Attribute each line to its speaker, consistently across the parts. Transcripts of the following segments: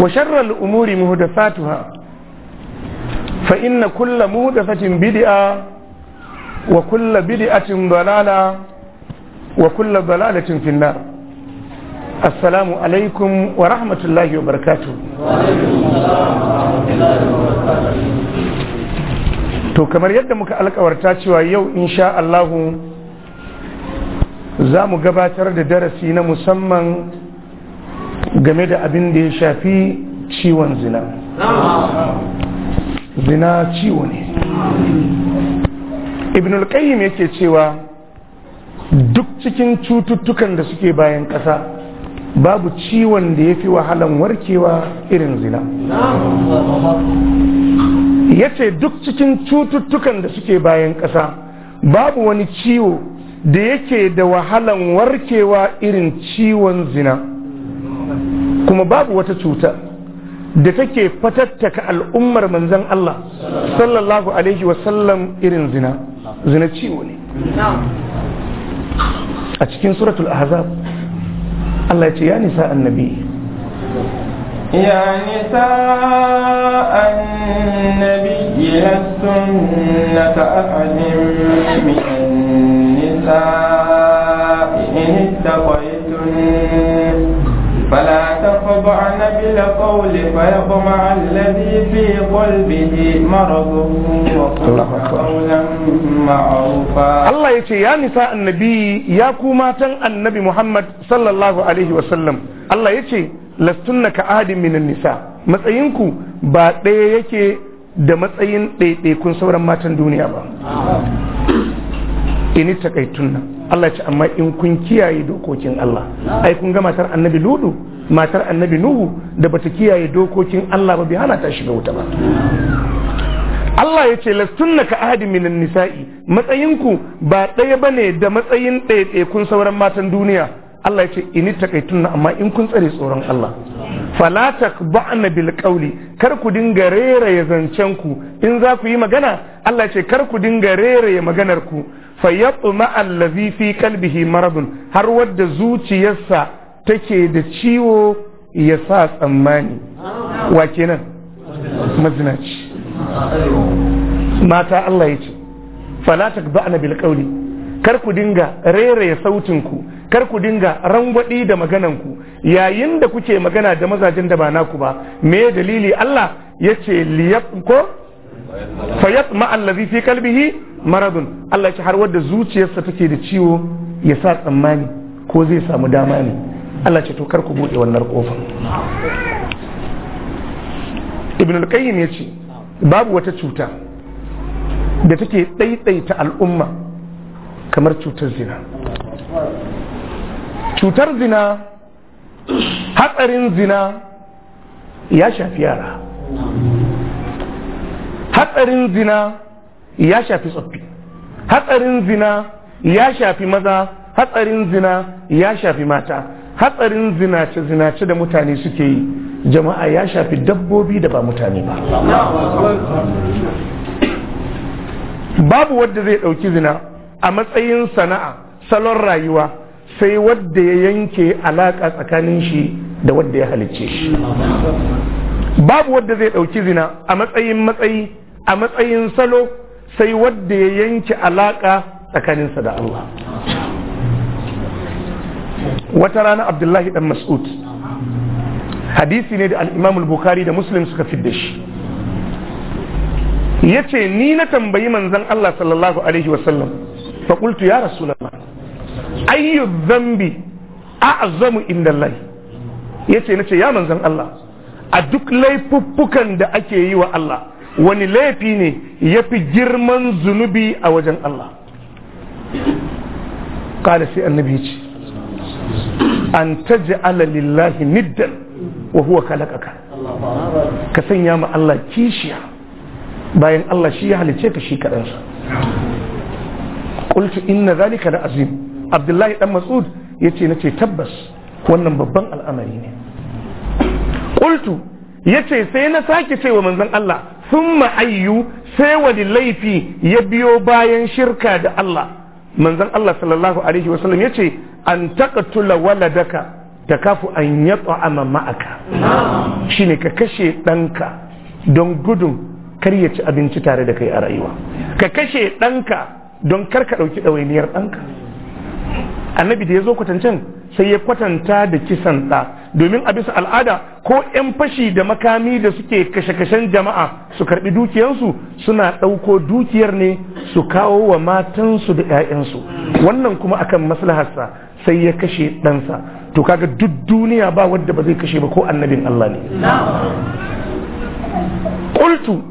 Speaker 1: وشر الأمور مهدفاتها فإن كل مهدفة بدعة وكل بدعة ضلالة وكل ضلالة في النار السلام عليكم ورحمة الله وبركاته to kamar yadda muka alkawarta cewa yau insha Allahu za mu gabatar da darasi na musamman game da abin da ya shafi ciwon zina zina ciwo ne ibn al-qayyim yake cewa duk cikin cututtukan da suke bayan ƙasa babu ciwon da ya fi wahalan warkewa irin zina ya ce duk cikin cututtukan da suke bayan ƙasa babu wani ciwo da yake da wahalan warkewa irin ciwon zina kuma babu wata cuta da take fatattaka al'ummar manzan Allah sallallahu alaihi wasallam irin zina zina ciwo ne a cikin suratul ahzab Allah ya ce ya nisa annabi
Speaker 2: يا
Speaker 3: نساء النبي لستن كأحد من النساء إن اتقيتن فلا تخضعن بالقول فيطمع الذي في قلبه مرض وقل قولا معروفا
Speaker 1: الله يتي يا نساء النبي يا كوماتا النبي محمد صلى الله عليه وسلم الله يتي لستن كأحد من النساء matsayinku ba ɗaya yake da matsayin ɗaiɗaikun sauran matan duniya ba Ini takaitun nan. Allah ce amma in kun kiyaye dokokin Allah ai kun ga matar annabi ludu matar annabi nuhu da bata kiyaye dokokin Allah ba Bi hana ta shiga wuta ba Allah ya ce lastunna ka ahadi minan nisa'i matsayinku ba ɗaya bane da matsayin kun sauran matan duniya Allah ya ce ini takaitun nan amma in kun tsare tsoron Allah Falatak takba'na bil qawli kar ku dinga ya zancen ku in za ku yi magana Allah ya ce kar ku dinga ya maganar ku fayyatuma allazi fi kalbihi maradun har wadda zuciyarsa take da ciwo ya sa tsammani wa kenan mazinaci mata Allah ya ce fala takba'na bil qawli kar ku dinga rereye sautin ku kar ku dinga rangwadi da magananku. yayin da kuke magana da mazajen da ba naku ba me dalili Allah yace liyab ko fa yatma allazi fi kalbihi maradun Allah ya har wadda zuciyarsa take da ciwo ya sa tsammani ko zai samu dama ne Allah ce to kar ku bude wannan kofa Ibn al-Qayyim ce babu wata cuta da take ɗaiɗaita al'umma kamar cutar zina cutar zina hatsarin zina ya shafi yara hatsarin zina ya shafi tsoffi hatsarin zina ya shafi maza hatsarin zina ya shafi mata hatsarin zinace zinace da mutane suke yi jama'a ya shafi dabbobi da ba mutane ba babu wadda zai ɗauki zina a matsayin sana'a salon rayuwa sai wadda ya yanke alaƙa tsakanin shi da wadda ya halicce shi babu wadda zai ɗauki zina a matsayin matsayi a matsayin salo sai wadda ya yanke alaƙa tsakaninsa da Allah wata rana abdullahi Ɗan mas'ud hadisi ne da al'imamul bukhari da muslim suka fidda shi ya ce ni na tambayi manzan Allah sallallahu alaihi wasallam faƙultu ya rasulallah ayyu zambi a azamu inda ya ce na ce ya manzan Allah a duk laifuffukan da ake yi wa Allah wani laifi ne ya fi girman zunubi a wajen Allah ƙada sai annabi ce an taji lillahi niddan wa huwa kalakaka ka sanya ma Allah kishiya bayan Allah shi ya halice ka shi kaɗansa ƙulci inna zalika da azim abdullahi ɗan masud ya ce na ce tabbas wannan babban al'amari ne ƙultu ya ce sai na sake cewa manzon Allah sun ma'ayyu sai wani laifi ya biyo bayan shirka da Allah manzan Allah sallallahu alaihi wasallam ya ce an taqtula waladaka da kafu an ya ta'ama ma'aka shine ka kashe ɗanka don gudun kar ya ci abinci tare da kai a rayuwa ka kashe ɗanka don kar ka ɗauki ɗawainiyar ɗanka annabi da ya zo kwatancan sai ya kwatanta da kisan ɗa domin a bisa al'ada ko 'yan fashi da makami da suke kashe-kashen jama'a su karbi dukiyarsu suna ɗauko dukiyar ne su kawo wa matansu da 'ya'yansu wannan kuma akan maslaharsa sai ya kashe ɗansa to kaga duk duniya ba wadda ba zai kashe ba ko annabin Allah ne qultu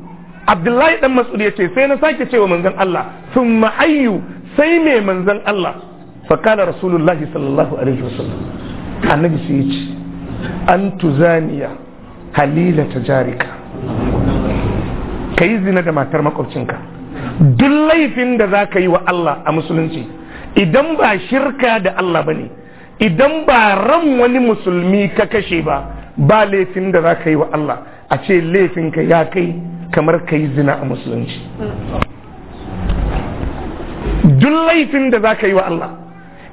Speaker 1: abdullahi ɗan dan mas'ud ce sai na sake cewa manzon Allah thumma ayyu sai me manzon Allah fa kana rasulullahi sallallahu alaihi wasallam annabi sai yace an tuzaniya halila ta jarika ka yi zina da matar makwabcinka duk laifin da za ka yi wa Allah a musulunci idan ba shirka da Allah ba ne idan ba ran wani musulmi ka kashe ba ba laifin da za ka yi wa Allah a ce laifinka ya kai kamar ka yi zina a musulunci duk laifin da za ka yi wa Allah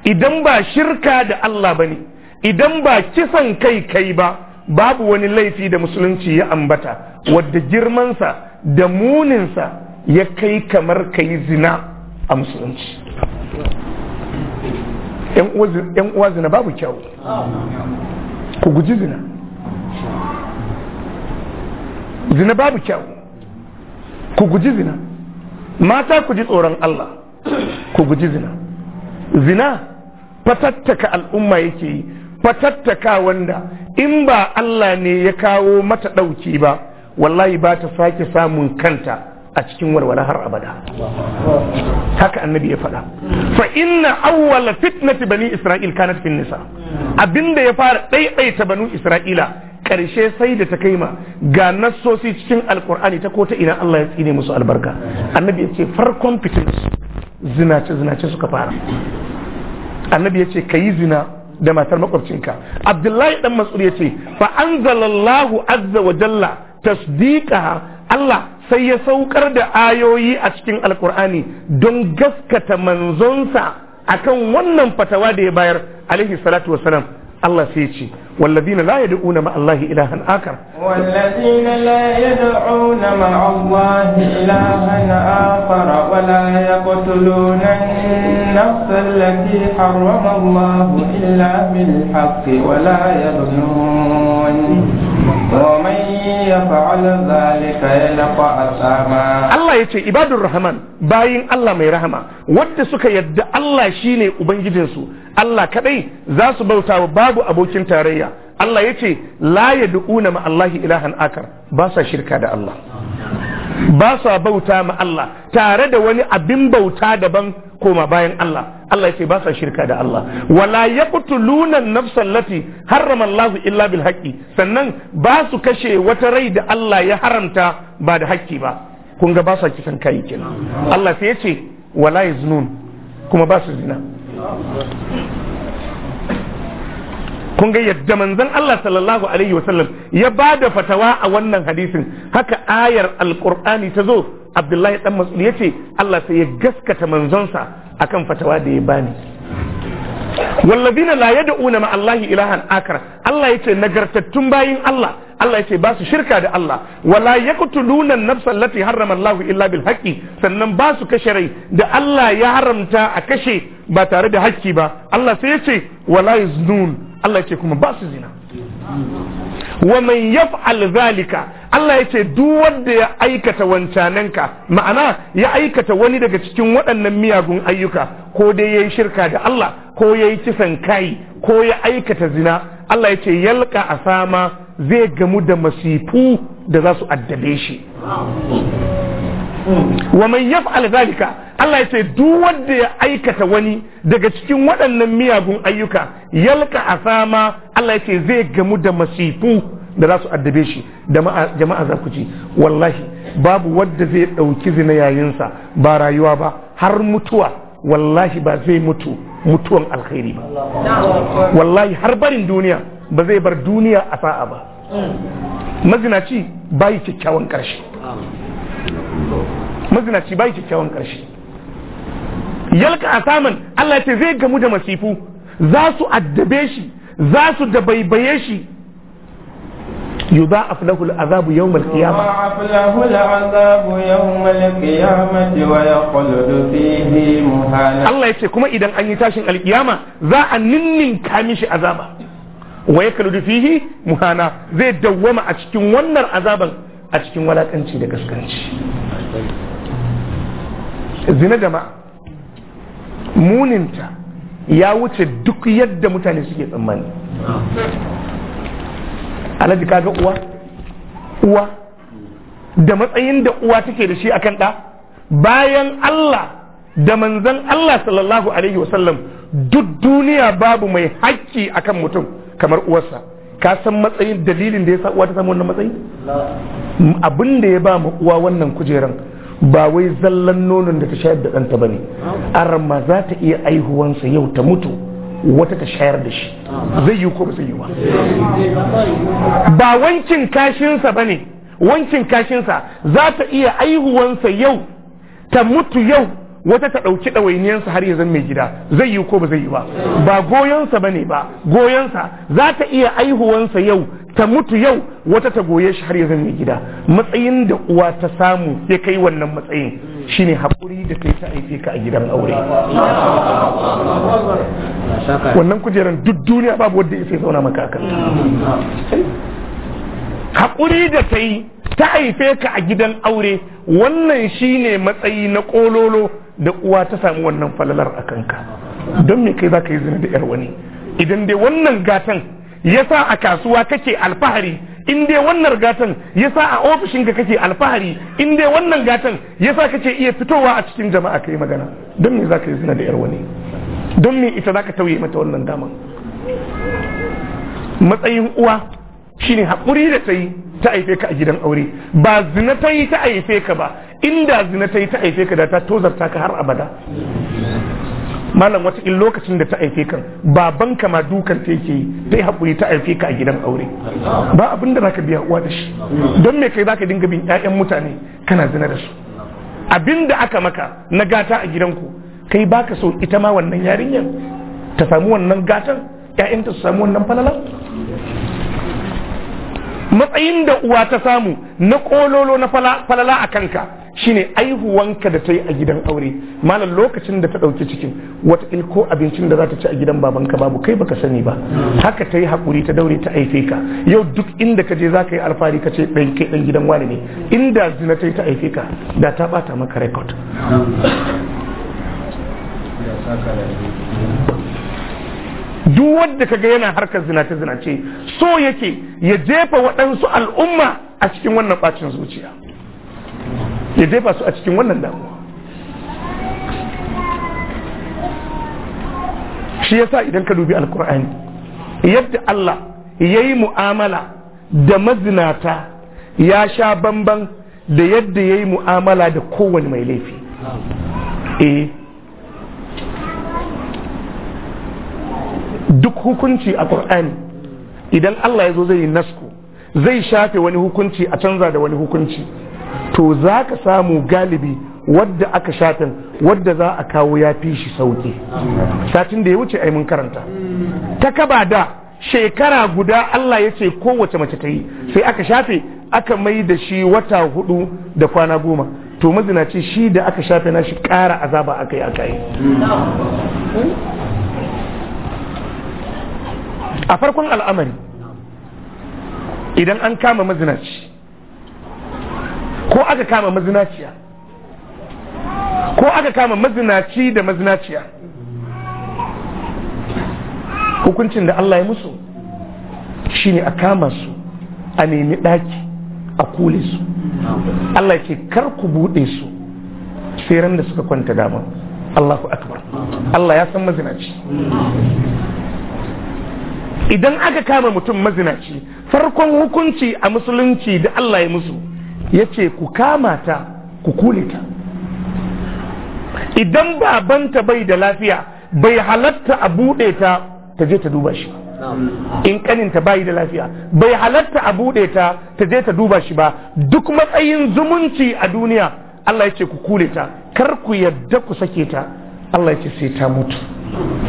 Speaker 1: idan ba shirka da Allah ba ne idan ba kisan kai kai ba babu wani laifi da musulunci ya ambata wadda girmansa da muninsa ya kai kamar kai zina a musulunci yan uwa zina babu kyau ku guji zina zina babu kyau ku guji zina mata ku ji tsoron Allah ku guji zina zina fatattaka al'umma yake yi fatattaka wanda in ba Allah ne ya kawo mata ɗauki ba wallahi ba ta sake samun kanta a cikin warware har abada haka annabi ya faɗa fa inna awwala fitnati bani isra'il kanat fin nisa abinda ya fara ɗaiɗaita banu isra'ila karshe sai da ta kaima ga nassosi cikin alkur'ani ta kota ina Allah ya tsine musu albarka annabi ya ce farkon fitin zinace zinace suka fara annabi ya ce ka yi zina da matar makwabcinka abdullahi dan matsuri ya ce fa anzalallahu azza wa jalla tasdiqaha Allah sai ya saukar da ayoyi a cikin alkur'ani don gaskata manzonsa akan wannan fatawa da ya bayar alaihi salatu wasalam الله sai والذين لا يدعون مع الله إلها آخر والذين لا
Speaker 3: يدعون
Speaker 1: مع الله إلها
Speaker 3: آخر ولا يقتلون النفس التي حرم الله إلا بالحق ولا يظنون ومن
Speaker 1: يفعل ذلك يلقى أثاما الله يتي عباد الرحمن باين الله مي رحمة وات سكا يد الله شيني وبنجدنسو الله كدي ذاس بوتا وبابو أبوكين تاريا الله يتي لا يدعون مع الله إلها آخر باسا شركة الله باسا بوتا مع الله تارد وني أبين بوتا دبن koma bayan Allah Allah ya ce ba sa shirka da Allah wala yaqtuluna an-nafsa allati harrama Allah illa bil haqqi sannan ba su kashe wata rai da Allah ya haramta ba da haƙƙi ba kun ga ba sa kisan kai kenan Allah sai ya ce wala yaznun kuma ba su zina kun ga yadda manzon Allah sallallahu alaihi wasallam ya ba da fatawa a wannan hadisin haka ayar alqur'ani ta zo Abdullahi dan Mas'ud ya ce Allah sai ya gaskata manzonsa akan fatawa da ya bani laya la yad'una ma Allahi ilahan akar Allah yace nagartattun bayin Allah Allah yace ba su shirka da Allah wala yaqtuluna an-nafsa allati harrama Allahu illa bil haqqi sannan ba su kashe rai da Allah ya haramta a kashe ba tare da hakki ba Allah sai yace wala yaznun Allah ya ce kuma ba su zina wa ya yaf'al zalika Allah ya ce duk wanda ya aikata wancananka ma'ana ya aikata wani daga cikin waɗannan miyagun ayyuka ko dai ya yi shirka da Allah ko ya yi kisan kai ko ya aikata zina Allah ya ce yalka sama zai gamu da masifu da za su addabe shi wa mai yaf alzalika Allah ya ce duk wanda ya aikata wani daga cikin waɗannan miyagun ayyuka yalka sama, Allah ya ce zai gamu da masifu da za su addabe shi jama'a za ku ci, wallahi babu wadda zai ɗauki zina yayinsa ba rayuwa ba har mutuwa wallahi ba zai mutu mutuwan alkhairi ba wallahi har barin duniya ba zai bar duniya a sa'a ba mazinaci bayi kyakkyawan ƙarshe mazinaci bai kyakkyawan karshe yalka a samun Allah ce zai gamu da masifu za su addabe shi za su da baibaye shi yuba a fulahul azabu yau malkiya a fulahul azabu yau malkiya mace wa ya kwallo fihi muhala Allah ya ce kuma idan an yi tashin alkiyama za a ninnin mishi azaba wa ya kwallo fihi zai dawwama a cikin wannan azaban a cikin walakanci da gaskanci zina jama'a muninta ya wuce duk yadda mutane suke tsammani alhaji kaga uwa uwa da matsayin da uwa take da shi akan ɗa bayan Allah da manzan Allah sallallahu alaihi wasallam duk duniya babu mai haƙƙi akan mutum kamar uwarsa ka san matsayin dalilin da ya sa uwa ta samu wannan matsayi abin ya ba mu uwa wannan kujeran ba wai zallan nonon da ta shayar da ɗanta ba ne arma za ta iya aihuwansa yau ta mutu wata ta shayar da shi zai yi ko ba zai yi ba ba wancin kashinsa ba ne wancin kashinsa za ta iya aihuwansa yau ta mutu yau wata ta ɗauki ɗawainiyarsa har yanzu mai gida zai yi ko ba zai yi ba ba goyonsa ba ne ba goyonsa za ta iya aihuwansa yau ta mutu yau wata ta goye shi har ya zama gida matsayin da uwa ta samu ya kai wannan matsayin shine haƙuri da kai ta aike ka a gidan aure wannan kujeran duk duniya babu wadda ya sai zauna maka akan haƙuri da kai ta haife ka a gidan aure wannan shine matsayi na ƙololo da uwa ta samu wannan falalar a kanka don me kai za ka yi zina da 'yar wani idan dai wannan gatan yasa a kasuwa kake alfahari in wannan gatan yasa a ofishin ka kake alfahari in wannan gatan yasa kake iya fitowa a cikin jama'a kai magana don me zaka yi zina da yar wani don me ita zaka tauye mata wannan daman matsayin uwa shine hakuri da ta yi ta aife ka a gidan aure ba zina ta yi ta aife ka ba inda zina ta yi ta aife ka da ta tozarta ka har abada malam wata in lokacin da ta haife kan baban ka ma dukan ta yake ta yi haƙuri ta aike ka a gidan aure ba abin da zaka biya uwa da shi don me kai zaka dinga bin ƴaƴan mutane kana zina da su abin da aka maka na gata a gidanku kai baka so ita ma wannan yarinyar ta samu wannan gatan ƴaƴanta su samu wannan falala matsayin da uwa ta samu na kololo na falala a kanka shine aihuwanka da ta yi a gidan aure malam lokacin da ta ɗauki cikin wata ko abincin da za ta ci a gidan babanka babu kai baka sani ba haka ta yi haƙuri ta daure ta aife ka yau duk inda ka je za ka yi alfahari ka ce ɗan kai ɗan gidan wani ne inda zina ta yi ta aife ka da ta ɓata maka rekod duk wadda kaga yana harkar zinace-zinace so yake ya jefa waɗansu al'umma a cikin wannan bacin zuciya ya jefa su a cikin wannan damuwa shi yasa idan ka dubi alkur'ani yadda Allah ya yi mu'amala da mazinata ya sha bamban da yadda ya yi mu'amala da kowane mai laifi eh duk hukunci a ƙur'ani idan Allah ya zo zai yi nasku zai shafe wani hukunci a canza da wani hukunci to za ka samu galibi wadda aka shatan wadda za a kawo ya fi shi sauki satin da ya wuce ai mun karanta ta kaba da shekara guda Allah ya ce kowace mace ta yi sai aka shafe aka mai da shi wata hudu da kwana goma to ce shi da aka shafe na shi ƙara azaba aka yi aka yi a farkon al'amari idan an kama mazinaci ko aka kama mazinaciya ko aka kama mazinaci da mazinaciya hukuncin da Allah ya musu shine a kama su a nemi daki, a kule su Allah ce kar ku buɗe su sai ran da suka kwanta dama Allahu akbar Allah ya san mazinaci idan aka kama mutum mazinaci farkon hukunci a musulunci da Allah ya musu ya ce ku kama ta ku kule ta idan babanta bai da lafiya bai halatta a buɗe ta ta je ta duba shi in kaninta bayi da lafiya bai halatta a buɗe ta ta je ta duba shi ba duk matsayin zumunci a duniya Allah ya ce ku kule ta kar ku yadda ku sake ta Allah ya ce sai ta mutu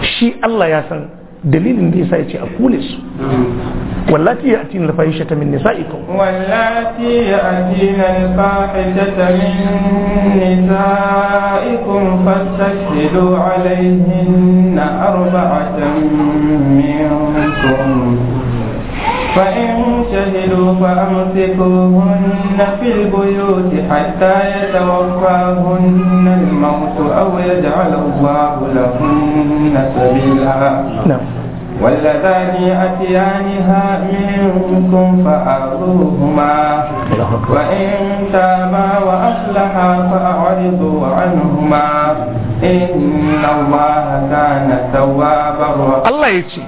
Speaker 1: shi Allah ya san dalilin da yasa yace a kule su wallati ya atina alfahishata min nisaikum
Speaker 3: wallati ya atina alfahishata min nisaikum fastashhidu alayhinna arba'atan minkum فإن شهدوا فأمسكوهن في البيوت حتى يتوفاهن الموت أو يجعل الله لهن سبيلا نعم واللذان يأتيانها منكم فأعذوهما وإن تابا وأصلحا فأعرضوا
Speaker 1: عنهما إن الله كان توابا الله يجي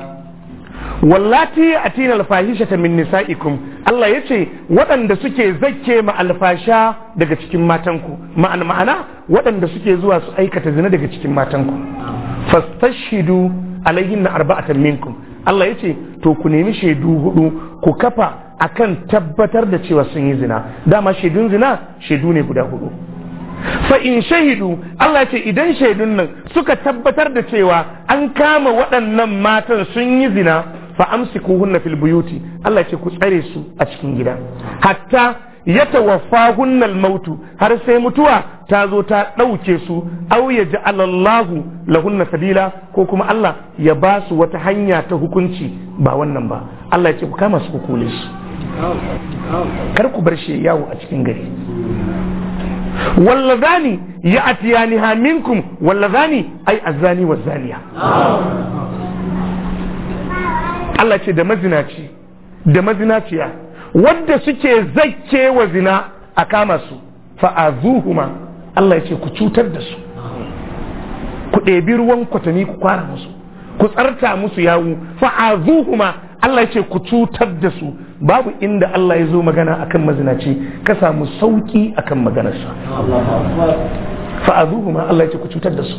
Speaker 1: wallati atina alfahishata min nisaikum Allah yace waɗanda suke zakke ma alfasha daga cikin matanku ma'ana ma'ana waɗanda suke zuwa su aikata zina daga cikin matanku fastashidu alayhin na arba'atan minkum Allah yace to ku nemi shaidu hudu ku kafa akan tabbatar da cewa sun yi zina dama shaidun zina shaidu ne guda hudu fa in shahidu Allah yace idan shaidun nan suka tabbatar da cewa an kama waɗannan matan sun yi zina fa amsikuhunna fil buyuti Allah ce ku tsare su a cikin gida hatta ya tawaffa hunnal mautu har sai mutuwa ta zo ta ɗauke su au ya ji alallahu lahunna sabila ko kuma Allah ya ba su wata hanya ta hukunci ba wannan ba Allah ya ce ku kama su kule su. kar ku bar shi yawo a cikin gari wallazani ya atiyani ha minkum wallazani ai azani zaniya. Allah ce da mazinaci da mazinaciya wadda suke zakke wa zina a kama su fa'azuhuma Allah ya ce ku cutar da su ku ɗebi ruwan kwatami ku kwara musu ku tsarta musu yawu fa'azuhuma Allah ya ce ku cutar da su babu inda Allah ya zo magana akan mazinaci ka samu sauki akan maganarsa fa'azuhuma Allah ya ce ku cutar da su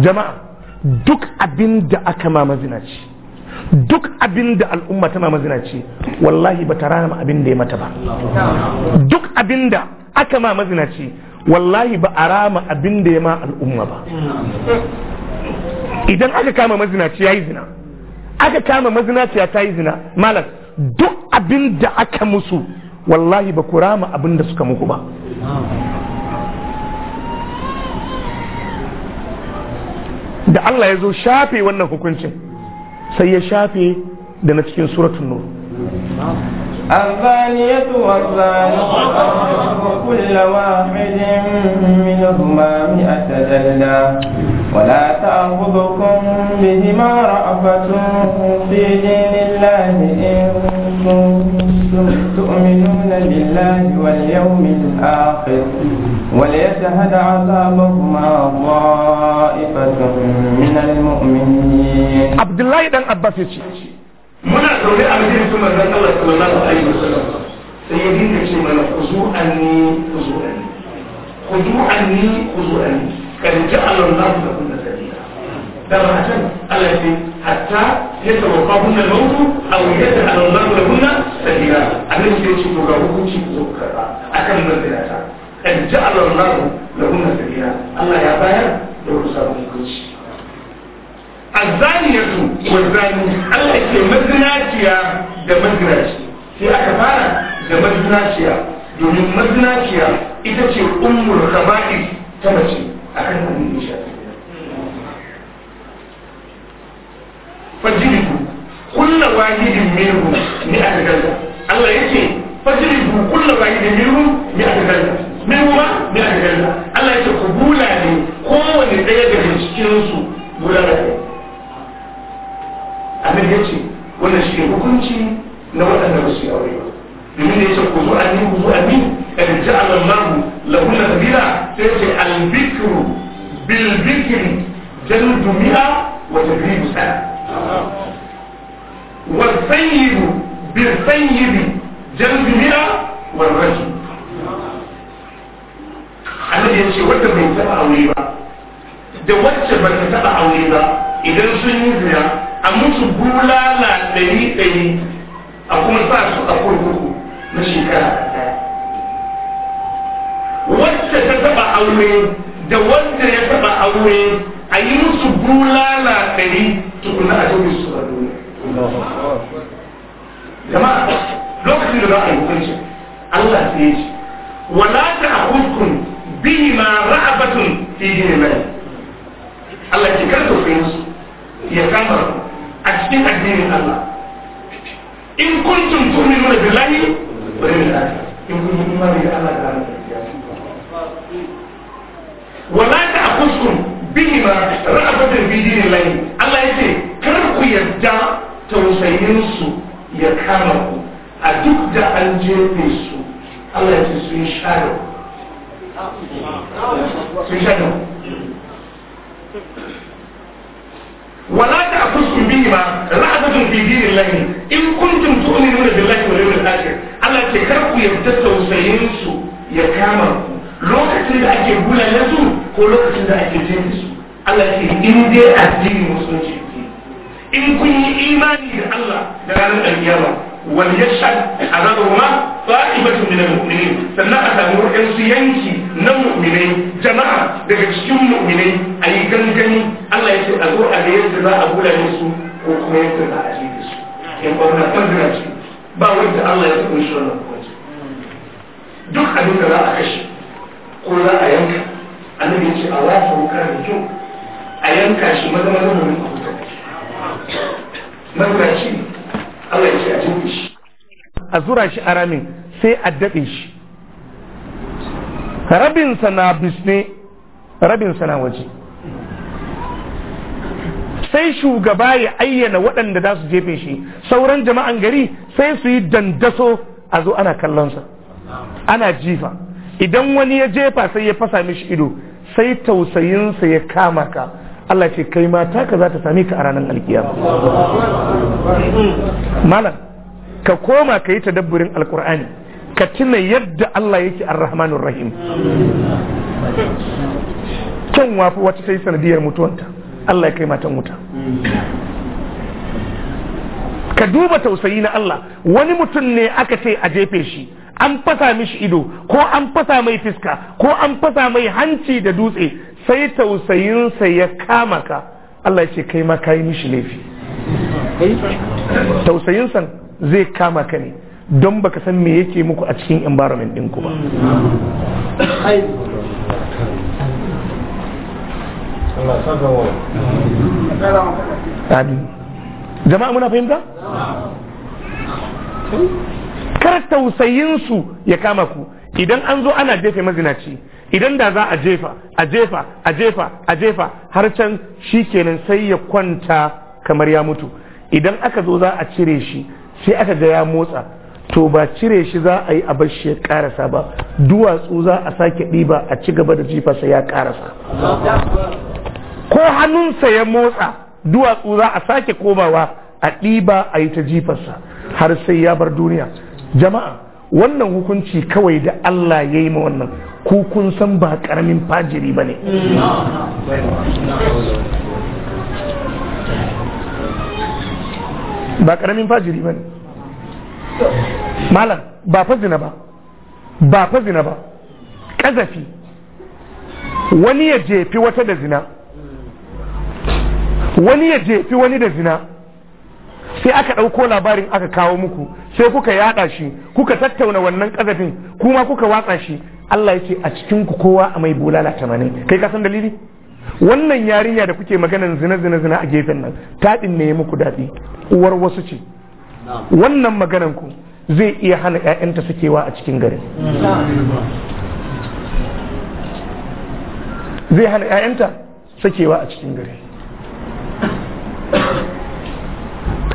Speaker 1: jama'a duk abin da aka ma mazinaci duk abin da al'umma tana mazinaci wallahi ba ta rama abin da ya mata ba duk abin da aka ma mazinaci wallahi ba a rama abin da ya ma al'umma ba idan aka kama mazinaci ya yi zina aka kama mazinaciya ta yi zina malas duk abin da aka musu wallahi ba ku rama abin da suka muku ba da Allah ya zo shafe wannan hukuncin sai ya shafe da na cikin suratun nur
Speaker 3: الزانية والزاني وكل واحد منهما مئة جلدة ولا تأخذكم بهما رأفة في دين الله إن كنتم تؤمنون بالله واليوم الآخر وليشهد عذابهما طائفة من المؤمنين عبد
Speaker 1: الله بن عباس يجي muna zaune a madina su manzon Allah sallallahu alaihi wasallam sai ya dinga ce mana khuzu'anni khuzu'anni khuzu'anni khuzu'anni kan ja'ala Allah lakum sabila da matan Allah ce hatta ya tawaffa kunna mautu aw ya ja'ala Allah lakum sabila annabi sai ya ce to ga hukunci ku zo karba akan manzilata kan ja'ala Allahu lahum sabila Allah ya bayar da rusa hukunci azaniyatu wal zani Allah ke mazinaciya da mazinaci sai aka fara da mazinaciya domin mazinaciya ita ce ummul khaba'is ta mace akan abin da shafi fajiribu kulla wahidin minhu ni a Allah yake fajiribu kulla wahidin minhu ni a min ma da aljanna Allah ya ce ku bula bulale kowane daya daga cikinsu bulala ne abin ya ce wannan shi ne hukunci na waɗanda ba su yi aure ba domin da ya ce ku zo an yi ku zo an yi ka da ji Allah mahu lahun na kabila sai ya ce albikru bilbikri jaldu mi'a wa tabribu sana wa sayyidu bil sayyibi jaldu mi'a wa rajul annabi ya ce wanda bai taba aure ba da wacce ba ta taba aure ba idan sun yi zina a musu bulala ɗari ɗari a kuma sa su a kurkuku na shekara ɗaya wacce ta taba aure da wanda ya taba aure a yi musu bulala ɗari tukuna a jirgin
Speaker 4: su a duniya lokacin da ba a yi
Speaker 1: hukunci Allah sai ya ce wala ta hukunci bihi ma ra'abatun fi dinin mai Allah ke karto tausayin su ya kama a cikin addinin Allah in kuntum tu'minuna billahi
Speaker 4: wa yawmil akhir in kuntum tu'minuna da Allah ta'ala wala ta'khusum
Speaker 1: bihi ma ra'abatun fi dinin mai Allah yace kar ku yarda tausayin su ya kama ku a duk da an
Speaker 4: jefe su Allah ya ce sun share ku sun sha
Speaker 1: da wala ta akusku bihi ma ra'atun fi dinillahi in kuntum tu'minuna billahi wal yawmil akhir Allah ce kar ku yarda tausayin su ya kama ku lokacin da ake bulala su ko lokacin da ake jin su Allah ce in dai addini musulunci
Speaker 4: in kun yi imani da Allah da ranar alkiyama
Speaker 1: wal yashhad azaduhuma ta'ifatu min al-mu'minin sannan a samu rukan su yanki na mu'minai jama'a daga cikin mu'minai yi gangani Allah ya ce a zo a ga yadda za a bula musu ko kuma yadda za a ji da su yan ba na fadira ce ba wanda Allah ya tsoro shi wannan kwaci duk abin da za a kashe ko za a yanka annabi ya ce a wafa wuka da kyau a yanka shi maza maza domin a hutar
Speaker 4: mazuraci ne a shi
Speaker 1: a zura shi a ramin sai a daɗe shi rabinsa na bisne rabinsa na waje sai shugaba ya ayyana waɗanda za su jefe shi sauran jama'an gari sai su yi dandaso a zo ana kallonsa ana jifa idan wani ya jefa sai ya fasa mishi ido sai tausayinsa ya kama ka Allah ce kai mata ka za ta sami ka a ranar alkiyama malam ka koma ka yi tadabburin alkur'ani ka tuna yadda Allah yake arrahmanur rahim kyan wafi wata ta yi sanadiyar mutuwanta Allah ya kai matan wuta ka duba tausayi na Allah wani mutum ne aka ce a jefe shi an fasa mishi ido ko an fasa mai fiska ko an fasa mai hanci da dutse sai tausayinsa ya kama ka Allah ce kai ma kayi mishi laifi tausayinsa zai kama ka ne don baka san me yake muku a cikin environment ɗinku ba jama'a muna fahimta? kar tausayinsu ya kama ku idan an zo ana jefe mazinaci idan da za a jefa a jefa a jefa a jefa har can shi kenan sai ya kwanta kamar ya mutu idan aka zo za a cire shi sai aka ga ya motsa to ba cire shi za a yi a bashi ya karasa ba duwatsu za a sake ɗiba a ci gaba da jifarsa ya karasa ko hannunsa ya motsa duwatsu za a sake komawa a ɗiba a yi ta jifarsa har sai ya bar duniya jama'a wannan hukunci kawai da Allah ya yi ma wannan ku kun san ba karamin fajiri ba ne ba karamin fajiri ba ne malam ba fazina ba ba fazina ba ƙazafi wani ya jefi wata da zina wani ya jefi wani da zina sai aka ɗauko labarin aka kawo muku sai kuka yaɗa shi kuka tattauna wannan ƙazafin kuma kuka watsa shi Allah yake a cikin ku kowa a mai bulala tamanin kai ka san dalili wannan yarinya da kuke maganan zina zina zina a gefen nan taɗin ne ya muku daɗi uwar wasu ce wannan maganan ku zai iya hana ‘ya'yanta sakewa a cikin gari. zai hana ‘ya'yanta sakewa a cikin gari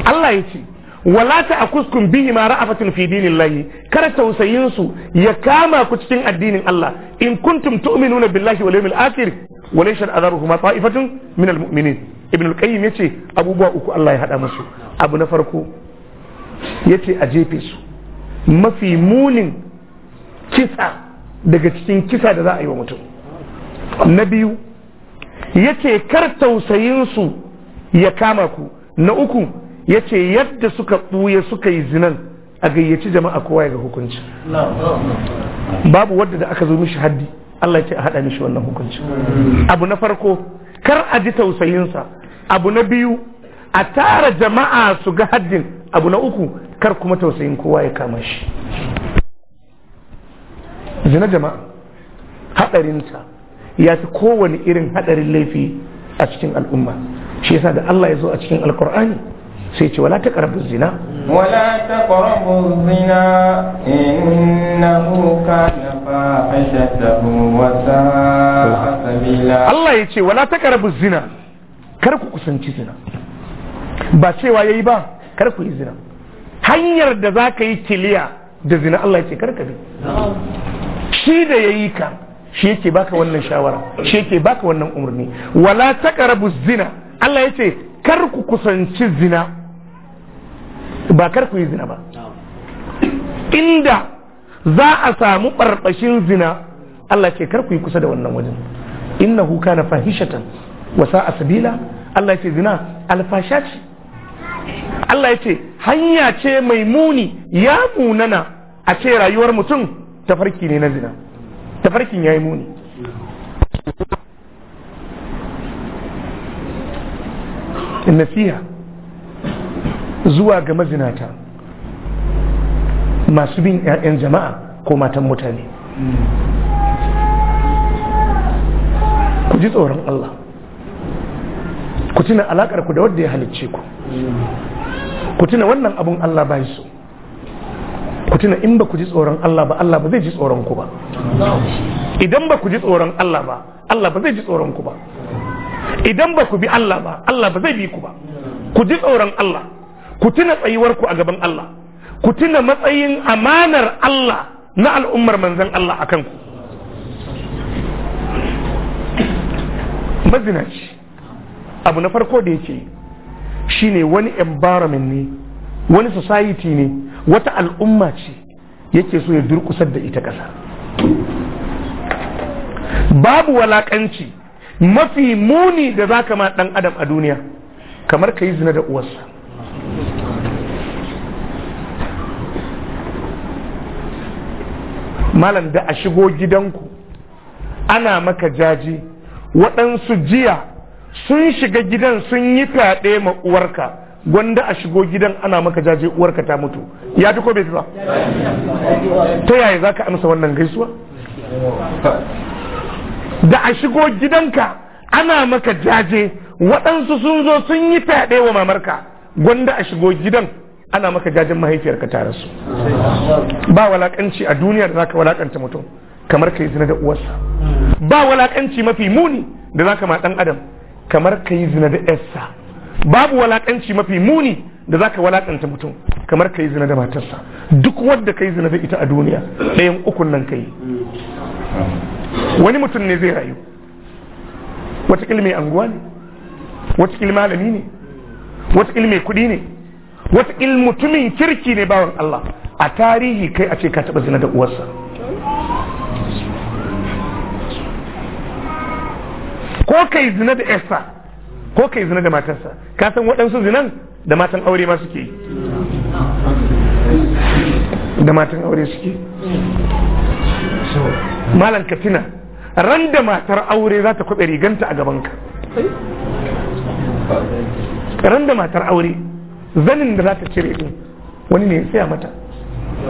Speaker 1: Allah ya ce wala ta akuskun bihi ma ra'afatun fi dinillahi kar tausayin su ya kama ku cikin addinin Allah in kuntum tu'minuna billahi wal yawmil akhir wa laysa adaruhuma ta'ifatun min almu'minin ibn al-qayyim yace abubuwa uku Allah ya hada musu abu na farko yace a jefe su mafi munin kisa daga cikin kisa da za a yi wa mutum na biyu yace kar tausayin su ya kama ku na uku ya ce yadda suka ɓuya suka yi zinan a gayyaci jama'a kowa ya ga hukunci babu wadda da aka zo mishi haddi Allah ce a haɗa mishi wannan hukunci abu na farko kar a ji tausayinsa abu na biyu a tara jama'a su ga haddin abu na uku kar kuma tausayin kowa ya kama shi zina jama'a haɗarinsa ya fi kowane irin haɗarin laifi a cikin al'umma shi yasa da Allah ya zo a cikin alkur'ani sai ce wala taqrabu zina
Speaker 3: wala taqrabu zina innahu kana fahishatahu wa sa'a sabila
Speaker 1: Allah yace wala taqrabu zina kar ku kusanci zina ba cewa yayi ba kar ku yi zina hanyar da za ka yi kiliya da zina Allah ya ce kar ka bi shi da yayi ka shi yake baka wannan shawara shi yake baka wannan umarni wala taqrabu zina Allah ya ce kar ku kusanci zina ba kar ku yi zina ba inda za a samu barbashin zina Allah ce kar ku yi kusa da wannan wajen Inna huka kana fahishatan wa sa'a sabila Allah ya ce zina alfasha ce Allah ya ce hanya ce mai muni ya munana a ce rayuwar mutum tafarki ne na zina tafarkin yayi muni nasiha zuwa ga mazinata masu bin 'ya'yan jama'a ko matan mutane ku ji tsoron Allah ku tuna alakar ku da wadda ya halicce ku ku tuna wannan abun Allah ba su ku tuna in ba ku ji tsoron Allah ba Allah ba zai ji tsoron ku ba idan ba ku ji tsoron Allah ba Allah ba zai ji tsoron ku ba idan ba ku bi Allah ba Allah ba zai bi ku ba ku ji tsoron Allah ku tuna tsayuwar ku a gaban Allah ku tuna matsayin amanar Allah na al'ummar manzan Allah a kanku mazinaci abu na farko da yake shine wani environment ne wani society ne wata al'umma ce yake so ya durkusar da ita ƙasa babu walakanci mafi muni da za ka ma ɗan adam a duniya kamar ka yi zina da uwarsa malam da a shigo gidanku ana maka jaji waɗansu jiya sun shiga gidan sun yi fyaɗe ma uwarka gwanda a shigo gidan ana maka jaje uwarka ta mutu ya fi ko bai ba ta yaya za ka amsa wannan gaisuwa da a shigo gidanka ana maka jaje waɗansu sun zo sun yi fyaɗe wa mamarka gwanda a shigo gidan ana maka gajin mahaifiyarka tare su ba walakanci a duniya da zaka walakanta mutum kamar ka yi zina da uwarsa ba walakanci mafi muni da zaka ma dan adam kamar ka yi zina da yarsa babu walakanci mafi muni da zaka walakanta mutum kamar ka yi zina da matarsa duk wadda ka yi zina da ita a duniya ɗayan ukun nan ka yi wani mutum ne zai rayu wata mai anguwa ne wata malami ne wataƙil mai kuɗi ne wataƙil mutumin kirki ne bawan Allah a tarihi kai a ce ka taɓa zina da uwarsa ko kai zina da esa ko kai zina da matarsa ka san waɗansu zinan da matan aure ma suke yi da matan aure suke malam ka ran da matar aure za ta kwaɓe riganta a gabanka ran da matar aure zanin da za ta cire din wani ne ya tsaya mata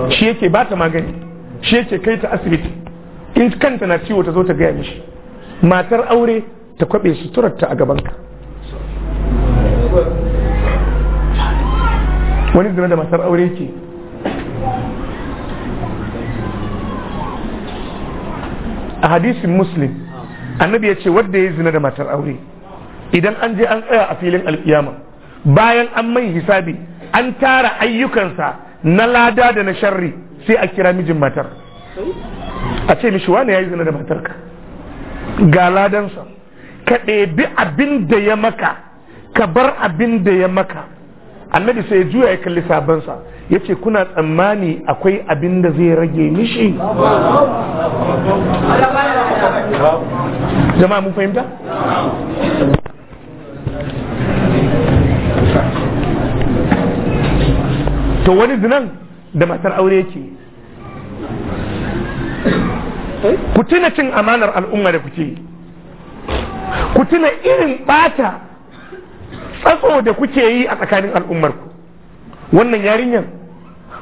Speaker 1: shi yake ba ta magani shi yake kai ta asibiti in kanta na ciwo ta zo ta gaya mishi matar aure ta kwabe suturarta a gabanka wani zina da matar aure ke a hadisin muslim annabi ya ce wadda ya zina da matar aure idan an je an tsaya a filin alkiyama bayan an mai hisabi an tara ayyukansa na lada da na sharri sai a kira mijin matar a ce mishi wane ya yi zina da matarka ga ladansa ka ɗebi abin da ya maka ka bar abin da ya maka annabi sai juya ya kalli sabansa ya ce kuna tsammani akwai abin da zai rage mishi jama'a mun fahimta to wani zinan da matar aure ce ku tuna cin amanar al'umma da kuke ku tuna irin bata tsatso da kuke yi a tsakanin al'ummarku wannan yarinyar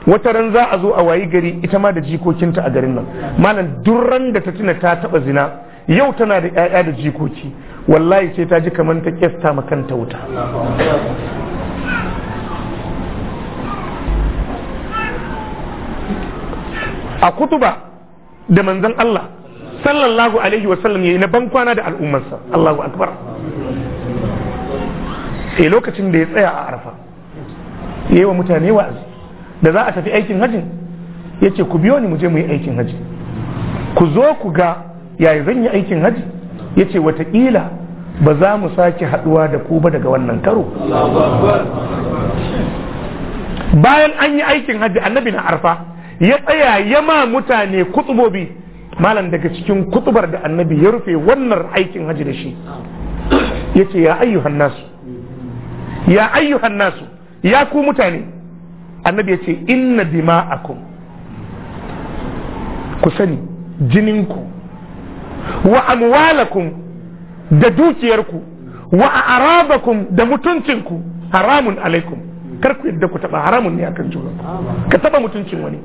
Speaker 1: wata ran za a zo a wayi gari ita ma da jikokinta a garin nan malam ran da ta tuna ta taba zina yau tana da 'ya'ya da jikoki wallahi sai ta ji kamar ta kyasta makanta wuta a kutuba da manzan Allah sallallahu alaihi wasallam ya yi na kwana da al'ummarsa Allahu akbar sai lokacin da ya tsaya a arafa ya yi wa mutane wa'azi da za a tafi aikin hajji ya ce ku biyo ni mu je mu yi aikin hajji ku zo ku ga yaya zan yi aikin hajji Yace ce watakila ba za mu sake haɗuwa da ku ba daga wannan karo bayan an yi aikin hajji annabi na arfa ya tsaya ya ma mutane kutubobi malam daga cikin kutubar da annabi ya rufe wannan aikin hajji da shi ya ya ayyuhan nasu ya ayyuhan nasu ya ku mutane annabi ya ce inna dima'akum ku sani jininku wa amwalakum da dukiyarku wa arabakum da mutuncinku haramun alaikum kar ku yadda ku taba haramun ne akan juna ka taba mutuncin wani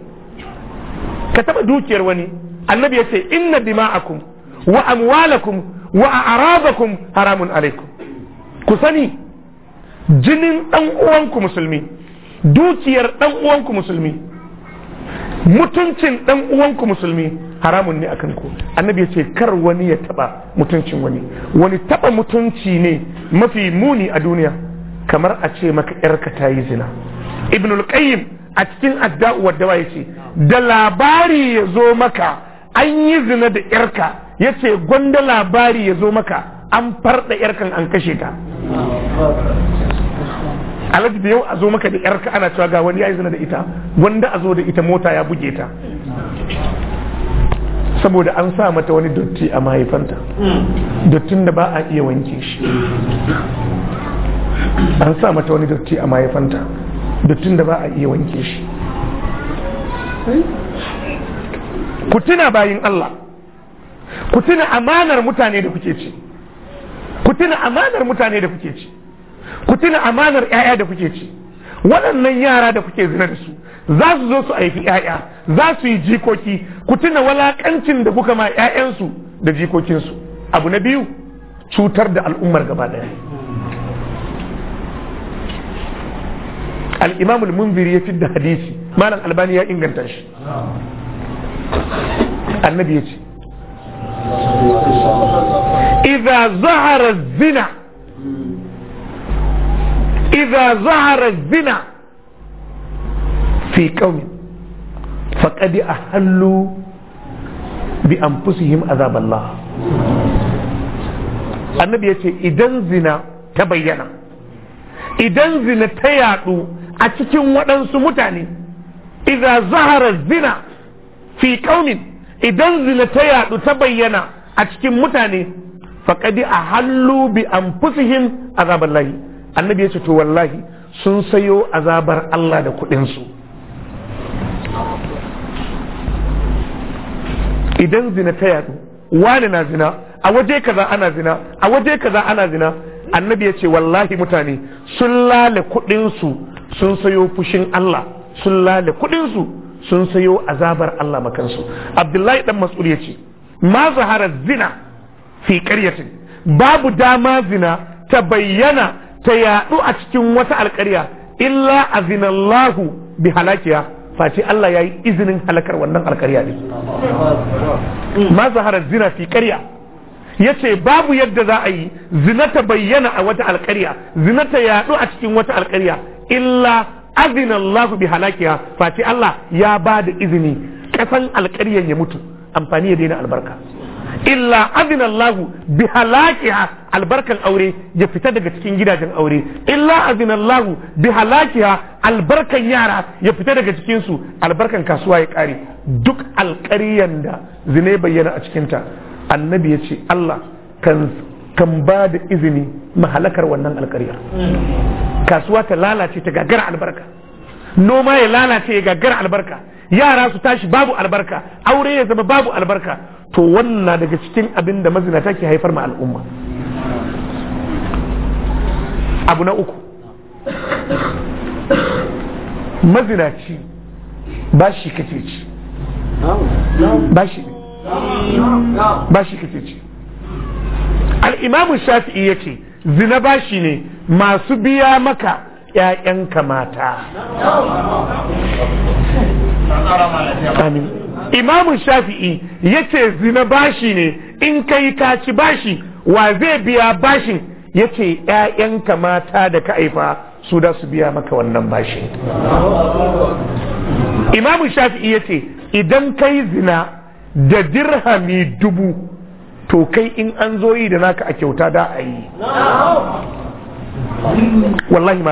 Speaker 1: ka taba dukiyar wani annabi ya ce inna dima'akum wa amwalakum wa arabakum haramun alaikum ku sani jinin dan uwanku musulmi dukiyar dan uwanku musulmi mutuncin dan uwanku musulmi haramun ne akan ku annabi ya ce kar wani ya taba mutuncin wani wani taba mutunci ne mafi muni a duniya kamar a ce maka yarka ta yi zina ibn al-qayyim a cikin adda'u wa ya ce da labari ya zo maka an yi zina da yarka ya ce gwanda labari ya zo maka an farda yarkan an kashe ta alhaji da yau a zo maka da yarka ana cewa ga wani ya yi zina da ita gwanda a zo da ita mota ya buge ta saboda an sa mata wani dotti a mahaifanta dottin da ba a iya wanke shi an sa mata wani dotti a mahaifanta dottin da ba a iya wanke shi ku tuna bayin Allah ku tuna amanar mutane da kuke ci ku tuna amanar mutane da kuke ci ku tuna amanar 'ya'ya da kuke ci waɗannan yara da kuke zina da su za su zo su haifi ‘ya'ya za su yi jikoki ku tuna walakancin da kuka ma ‘ya'yansu da jikokinsu abu na biyu cutar da al'ummar gaba ɗaya al'imam munzir ya fi da hadisi malam albani ya inganta shi annabi ya ce Iza zahara zina zahara zina fi qaumin a ahallu bi anfusihim azab Allah annabi ya ce idan zina ta bayyana idan zina ta yadu a cikin waɗansu mutane idan zahara zina fi qaumin idan zina ta yadu ta bayyana a cikin mutane a ahallu bi anfusihim azab Allah annabi ya ce to wallahi sun sayo azabar Allah da kuɗinsu su idan zina ta yadu wani na zina a waje kaza ana zina a waje kaza ana zina annabi ya ce wallahi mutane sun lale kudinsu sun sayo fushin Allah sun lale kudinsu sun sayo azabar Allah makansu abdullahi dan mas'ud ya ce ma zahara zina fi qaryatin babu dama zina ta bayyana ta yadu a cikin wata alƙarya illa azinallahu bi halakiya face Allah ya yi izinin halakar wannan alkarya ne ma zaharar zina fi karya ya ce babu yadda za a yi zina ta bayyana a wata alkarya zina ta yaɗu a cikin wata alkarya illa azina Allah bi halakiya face Allah ya ba da izini ƙasan alkaryan ya mutu amfani ya daina albarka illa adina Allah bi halakiha albarkan aure ya fita daga cikin gidajen aure illa adina Allah bi halakiha albarkan yara ya fita daga cikin su albarkan kasuwa ya kare duk alƙaryan da zinai bayyana a cikin ta annabi ya ce Allah kan kan ba da izini mahalakar wannan alƙaryar kasuwa ta lalace ta gagara albarka noma ya lalace ya gagara albarka yara su tashi babu albarka aure ya zama babu albarka to wannan daga cikin abin da mazinata ke haifar ma al'umma abu na uku mazinaci ba shi kace
Speaker 3: ci
Speaker 1: ba shi ba shi kace ci al'imamu shafi'i ya ce zina ba shi ne masu biya maka ‘ya'yanka mata amin imamu shafi'i yace zina bashi ne in kai ka ci bashi wa zai biya bashin yace ƴaƴanka mata da ka haifa su da su biya maka wannan bashi. imamu shafi'i yace idan kai zina da dirhami dubu to kai in an zo yi da naka a kyauta da a yi wallahi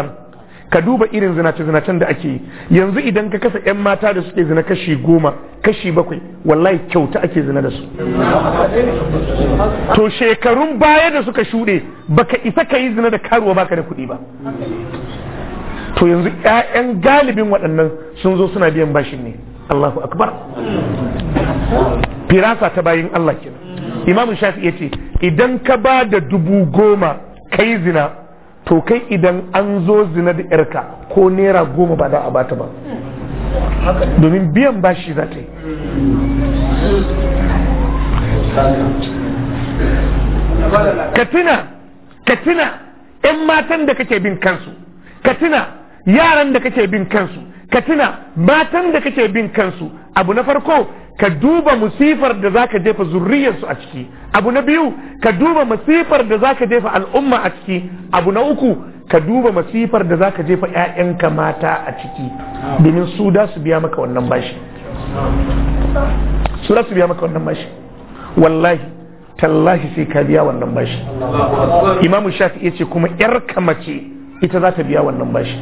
Speaker 1: ka duba irin zinace-zinacen da ake yi yanzu idan ka kasa 'yan mata da suke zina kashi goma kashi bakwai wallahi kyauta ake zina da su to shekarun baya da suka shuɗe baka isa ka yi zina da karuwa baka da kuɗi ba to yanzu 'ya'yan galibin waɗannan sun zo suna biyan bashin ne Allahu akbar firasa ta bayin Allah kenan imamu shafi ya ce idan ka ba da dubu goma ka yi zina to kai idan an zo zina da yarka ko naira goma ba za a bata ba domin biyan bashi za ta yi katina katina 'yan matan da kake bin kansu ka yaran da kake bin kansu ka tuna matan da kake bin kansu abu na farko ka duba musifar da zaka jefa zurriyarsu a ciki abu na biyu ka duba masifar da zaka jefa al'umma a ciki abu na uku ka duba masifar da zaka jefa ƴaƴanka mata a ciki domin su da su biya maka wannan bashi su da su biya maka wannan bashi wallahi tallahi sai ka biya wannan bashi imamu shafi ya ce kuma yar kamace ita za ta biya wannan bashi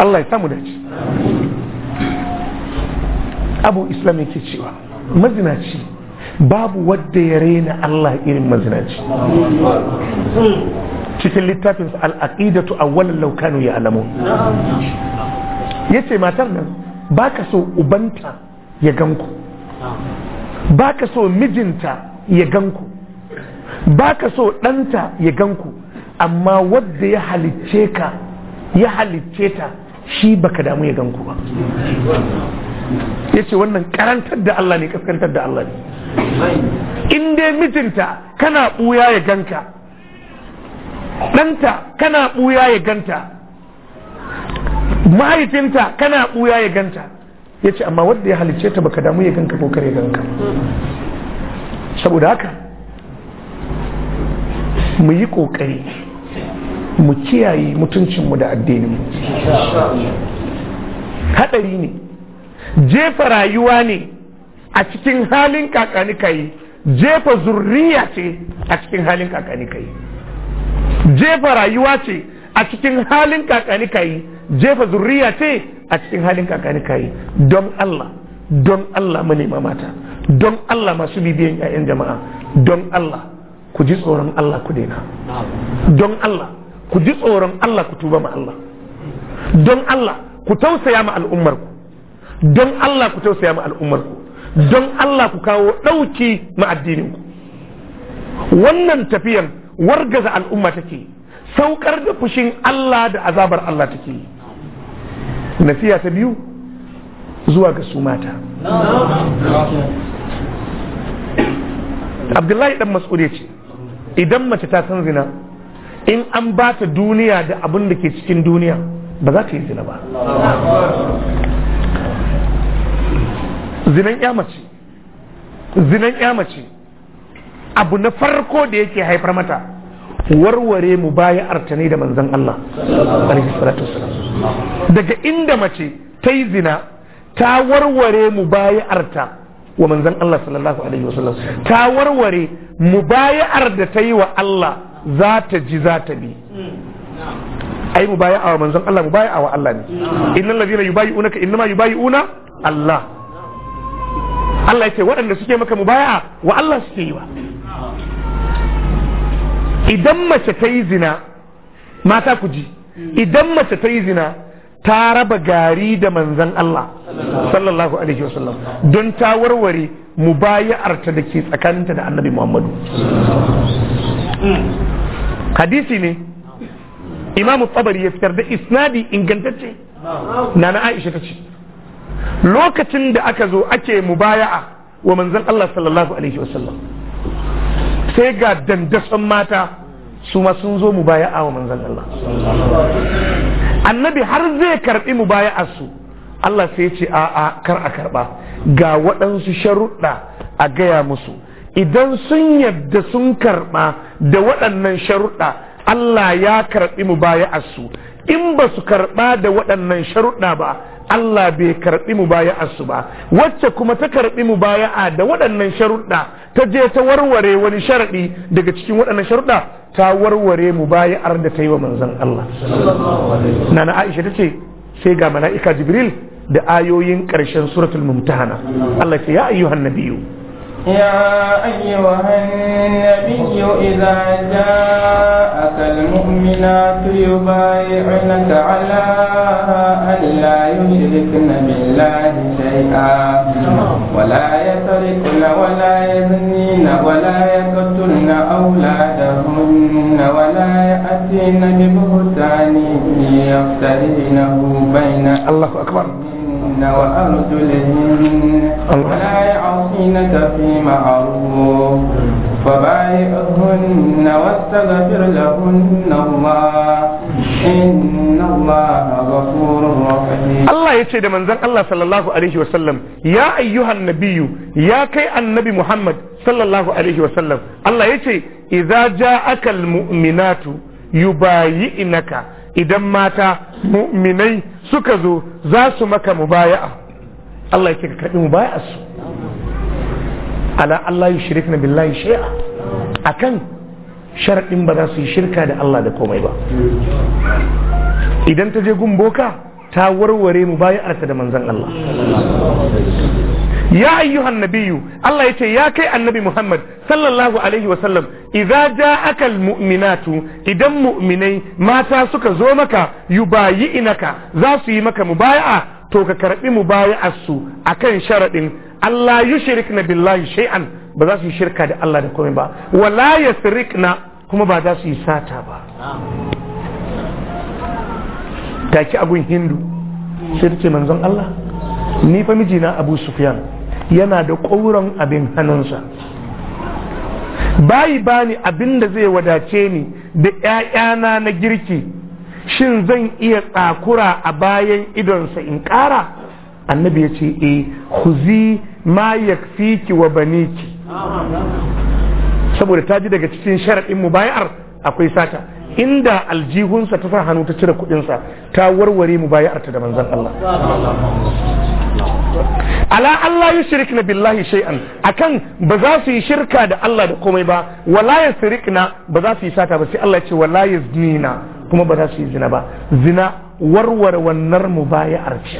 Speaker 1: Allah ya samu da ci abu islam yake cewa mazinaci babu wadda ya raina Allah irin mazinaci cikin littafinsa al'aƙidatu wani laukanu ya alamu ya ce matar nan ba ka so ubanta ya ku ba ka so mijinta ya ku ba ka so ɗanta ya gan ku amma wadda ya halicce ka ya halicce ta shi ba ka damu ya gan ku ba ya ce wannan karantar da Allah ne kaskantar da Allah ne in dai mijinta kana ɓuya ya ganka ɗanta kana ɓuya ya ganta mahaifinta kana ɓuya ya ganta ya ce amma wadda ya halicce ta baka damu ya ganka ko ganka saboda haka mu yi kokari mu kiyaye mutuncinmu da addinin hadari ne jefa rayuwa ne a cikin halin kakani kai jefa zurriya ce a cikin halin kakani kai jefa rayuwa ce a cikin halin kakani kai jefa zurriya ce a cikin halin kakani kayi don Allah don Allah mani mata don Allah masu bibiyan 'ya'yan jama'a don Allah ku ji tsoron Allah ku daina don Allah ku ji tsoron Allah ku tuba ma Allah don Allah ku tausaya ma al'ummar ku don Allah ku tausaya ma al'ummar ku don Allah ku kawo ɗauki ma addinin ku wannan tafiyan wargaza al'umma take saukar da fushin Allah da azabar Allah take yi nasiya ta biyu zuwa ga su mata abdullahi dan mas'ud ce idan mace ta san zina in an ba ta duniya da abin da ke cikin duniya ba za ta yi zina ba zinan yamace zinan abu na farko da yake haifar mata warware mu baya artane da manzan Allah alaihi daga inda mace ta yi zina ta warware mu arta wa manzan Allah sallallahu alaihi wasallam ta warware mu mubaya'ar da ta yi wa Allah za ta ji za ta bi ai mubaya'a wa manzan Allah mu mubaya'a wa Allah ne innal ladina yubayi'unaka innama una, Allah Allah ya ce waɗanda suke maka mu mubaya'a wa Allah suke yi wa idan mace ta yi zina mata ku ji idan mace ta yi zina ta raba gari da manzan Allah sallallahu alaihi wasallam don ta warware mu mubaya'arta da ke tsakaninta da annabi Muhammadu hadisi ne imamu tsabari ya fitar da isnadi ingantacce na na Aisha ta ce lokacin da aka zo ake mubaya'a wa manzan Allah sallallahu alaihi wasallam sai ga dandason mata su ma sun zo mu baya wa manzan Allah annabi har zai karɓi mu baya su Allah sai ce a a kar a karɓa. ga waɗansu sharuɗa a gaya musu idan sun yadda sun karɓa da waɗannan sharuɗa Allah ya karɓi mu baya su in ba su karɓa da waɗannan sharuɗa ba Allah bai karɓi karbi mubaya'arsu ba wacce kuma ta baya mubaya'a da waɗannan sharuɗa ta je ta warware wani sharaɗi daga cikin waɗannan sharuɗa ta warware mubaya'ar da ta yi wa manzon Allah nana Aisha ce sai ga mala'ika Jibril da ayoyin ƙarshen suratul mumtahana Allah ya ce ya ayyuhan nabiyyu
Speaker 3: يا أيها النبي إذا جاءك المؤمنات يبايعنك على أن لا يشركن بالله شيئا ولا يسرقن ولا يزنين ولا يقتلن أولادهن ولا يأتين ببهتان يفترينه بين الله أكبر وأرجلهن ولا يعصينك في معروف فبايعهن واستغفر لهن الله
Speaker 1: إن الله غفور رحيم الله يتشهد من الله صلى الله عليه وسلم يا أيها النبي يا كي النبي محمد صلى الله عليه وسلم الله يتشهد إذا جاءك المؤمنات يبايئنك إذا مات مؤمنين suka zo za su maka mubaya'a Allah yake ka karbi mubaya'a su ala Allah yi yushrikna billahi shay'a akan sharaɗin ba za su yi shirka da Allah da komai ba idan ta je gun boka ta warware mu bayan da manzan Allah ya ayyuhan nabiyyu Allah ya ce ya kai annabi Muhammad sallallahu alaihi wa sallam idza idan mu'minai mata suka zo maka inaka. za su yi maka mubaya'a to ka karɓi mubaya'ar su akan sharaɗin. Allah na billahi shay'an ba za su yi shirka da Allah da komai ba wala yasrikna kuma ba za su yi sata ba Taki agun hindu sai ta ce manzon Allah ni fa mijina Abu Sufyan yana da ƙauran abin hannunsa bayi bani abin da zai wadace ni da ‘ya'yana na girki shin zan iya tsakura a bayan idonsa in ƙara annabi ya ce e eh, huzi ma yakfiki wa baniki saboda ta ji daga cikin sharaɗin mu akwai sata inda aljihunsa ta sa hannu ta cire kudinsa ta warware mu bayarta da manzan Allah ala Allah yi shirik na billahi shay'an akan ba za su yi shirka da Allah da komai ba wala ya na ba za su yi sata ba sai Allah ya ce wala ya zinina kuma ba za su yi zina ba zina warware wannan mu bayar ce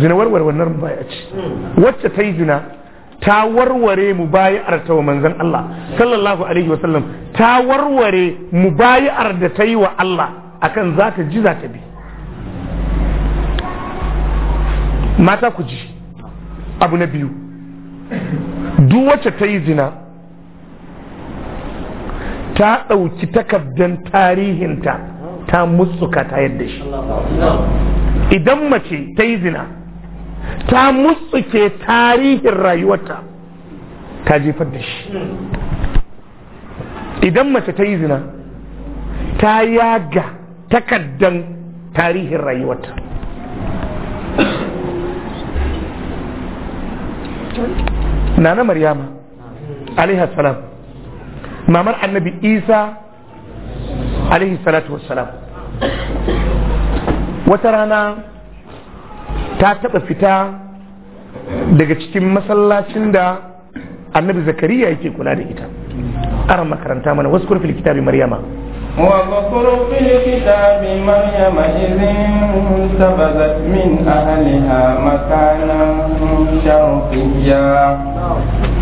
Speaker 1: zina warware wannan mu bayar
Speaker 4: ce
Speaker 1: wacce ta yi zina ta warware mu bayar ta wa manzon Allah sallallahu alaihi sallam ta warware mu da ta yi wa Allah akan za ta ji za ta bi mata ku ji abu na biyu duk wacce ta yi zina ta ɗauki takardar tarihinta ta mutsuka ta yadda shi idan mace ta yi zina ta mutsuke tarihin rayuwarta ta jefar da shi idan mace ta yi zina ta yaga takaddan tarihin rayuwarta nana maryama alaihi salam mamar annabi isa alaihi salatu wassalam wata rana ta taɓa fita daga cikin masallacin da annabi zakariya yake kula da ita ar makaranta mana wasu kurfi kitabi maryama
Speaker 3: wa kurfi kitabi maryama idin tabazat min ahliha makanan sharfiyya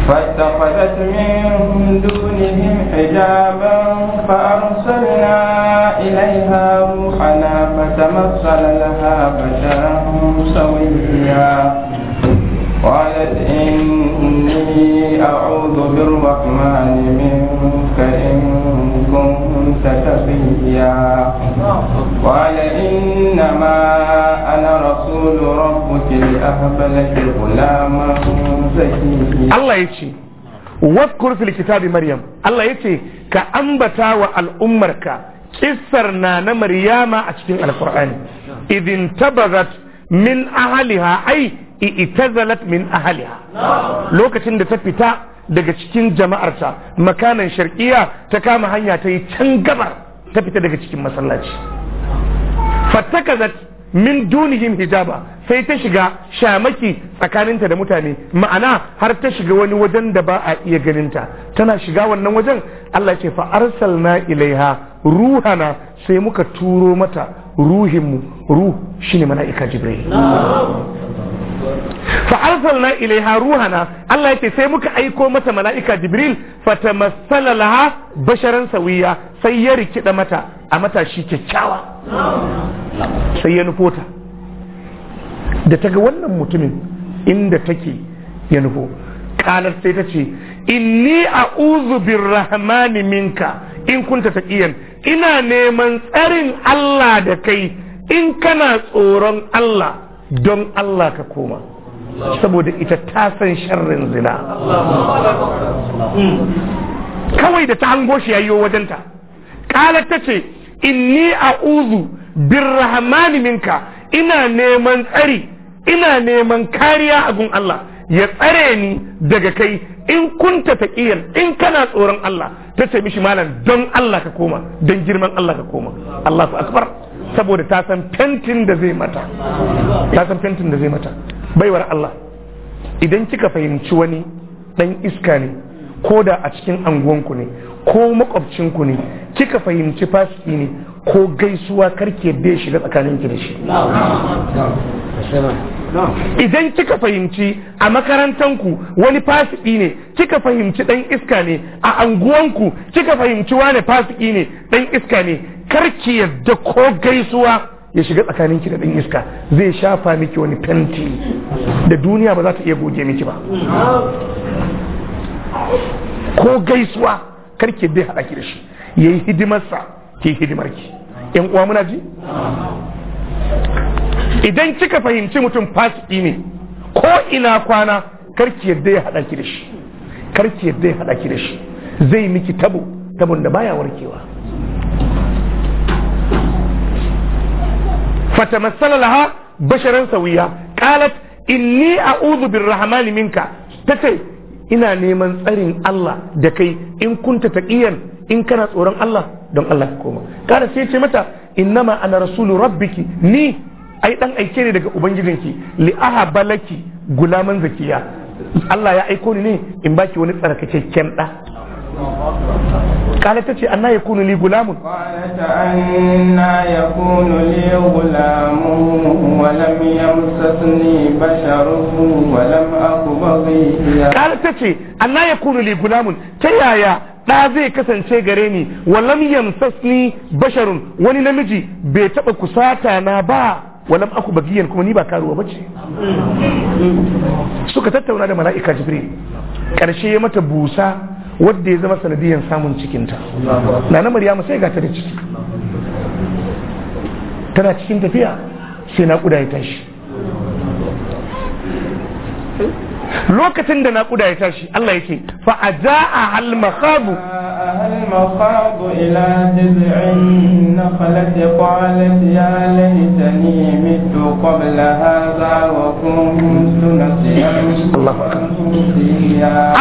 Speaker 3: فاتخذت من دونهم حجابا فارسلنا اليها روحنا فتمثل لها بشرا سويا قالت إني أعوذ بالرحمن منك إن كنت تقيا قال إنما
Speaker 1: أنا رسول ربك لأهب لك غلاما زكيا الله يشي واذكر في الكتاب مريم الله يتي كأنبتا والأمرك قصرنا مريم أتشين القرآن إذ انتبغت min ahaliha ai i'tazalat min ahaliha lokacin da ta fita daga cikin jama'arta makanan sharqiya ta kama hanya ta yi can gabar ta fita daga cikin masallaci fatakazat min dunihim hijaba sai ta shiga shamaki tsakaninta da mutane ma'ana har ta shiga wani wajen da ba a iya ganinta tana shiga wannan wajen Allah ce fa arsalna ilaiha ruhana sai muka turo mata ruhinmu ruh shine mala'ika jibril fa arsalna ilaiha ruhana Allah ya ce sai muka aiko mata mala'ika Jibril fatamassala laha basharan sawiya sai ya rikida mata a matashi kyakkyawa sai ya nufo ta da ta ga wannan mutumin inda take ya nufo kalar sai ta ce inni a'udhu birrahmani minka in kunta taqiyan ina neman tsarin Allah da kai in kana tsoron Allah don Allah ka koma saboda ita ta san sharrin zina hmm. kawai da ta hango shi yayyo wajenta kala ta ce inni a'udhu birrahmani minka ina neman tsari ina neman kariya a gun Allah ya tsare ni daga kai in kunta taƙiyar in kana tsoron Allah ta ce mishi malam don Allah ka koma don girman Allah ka koma Allah su akbar saboda ta san fentin da zai mata ta san fentin da zai mata baiwar Allah idan kika fahimci wani dan iska ne ko da a cikin anguwanku ne ko makwabcinku ne kika fahimci fasiki ne ko gaisuwa karke bai shiga ki da shi idan kika fahimci a makarantanku wani fasiki ne kika fahimci dan iska ne a anguwanku kika fahimci wani fasiki ne dan iska ne karki yadda ko gaisuwa ya shiga tsakanin ki da dan iska zai shafa miki wani fenti da duniya ba za ta iya goge miki ba ko gaisuwa karki bai haɗa ki da shi yayi hidimarsa ki hidimar ki yan uwa muna ji idan kika fahimci mutum fasiki ne ko ina kwana karki yadda ya hada ki da shi karki yadda ya hada ki da shi zai miki tabo tabon da baya warkewa fatamassala laha basharan sawiya qalat inni a'udhu birrahmani minka tace ina neman tsarin Allah da kai in kunta taqiyan in kana tsoron Allah don Allah ka koma kada sai ce mata innama ana rasulu rabbiki ni ai dan aike ne daga ubangijinki li ahabalaki gulamin zakiya Allah ya aiko ni ne in baki wani tsarkakekken da kala tace anna yakunu li gulamun qalata anna yakunu li gulamun
Speaker 3: wa lam yamsasni basharun wa lam aku baghiya
Speaker 1: kala tace anna yakunu li gulamun ta yaya ɗa zai kasance gare ni walam yamsasni basharun wani namiji bai taɓa kusata na ba walam aku bagiyan kuma ni ba karuwa bace suka tattauna da mala'ika jibril Karshe ya mata busa wadda ya zama sanadiyan samun cikinta na na maryama sai ga ta da ciki tana cikin tafiya sai na ƙuda ya tashi lokacin da naƙuda ya tashi Allah yake fa a ja'a hal makhadu
Speaker 3: ila jiz'in nakhlati qalat ya laitani mitu qabla hadha wa kuntu nasiyan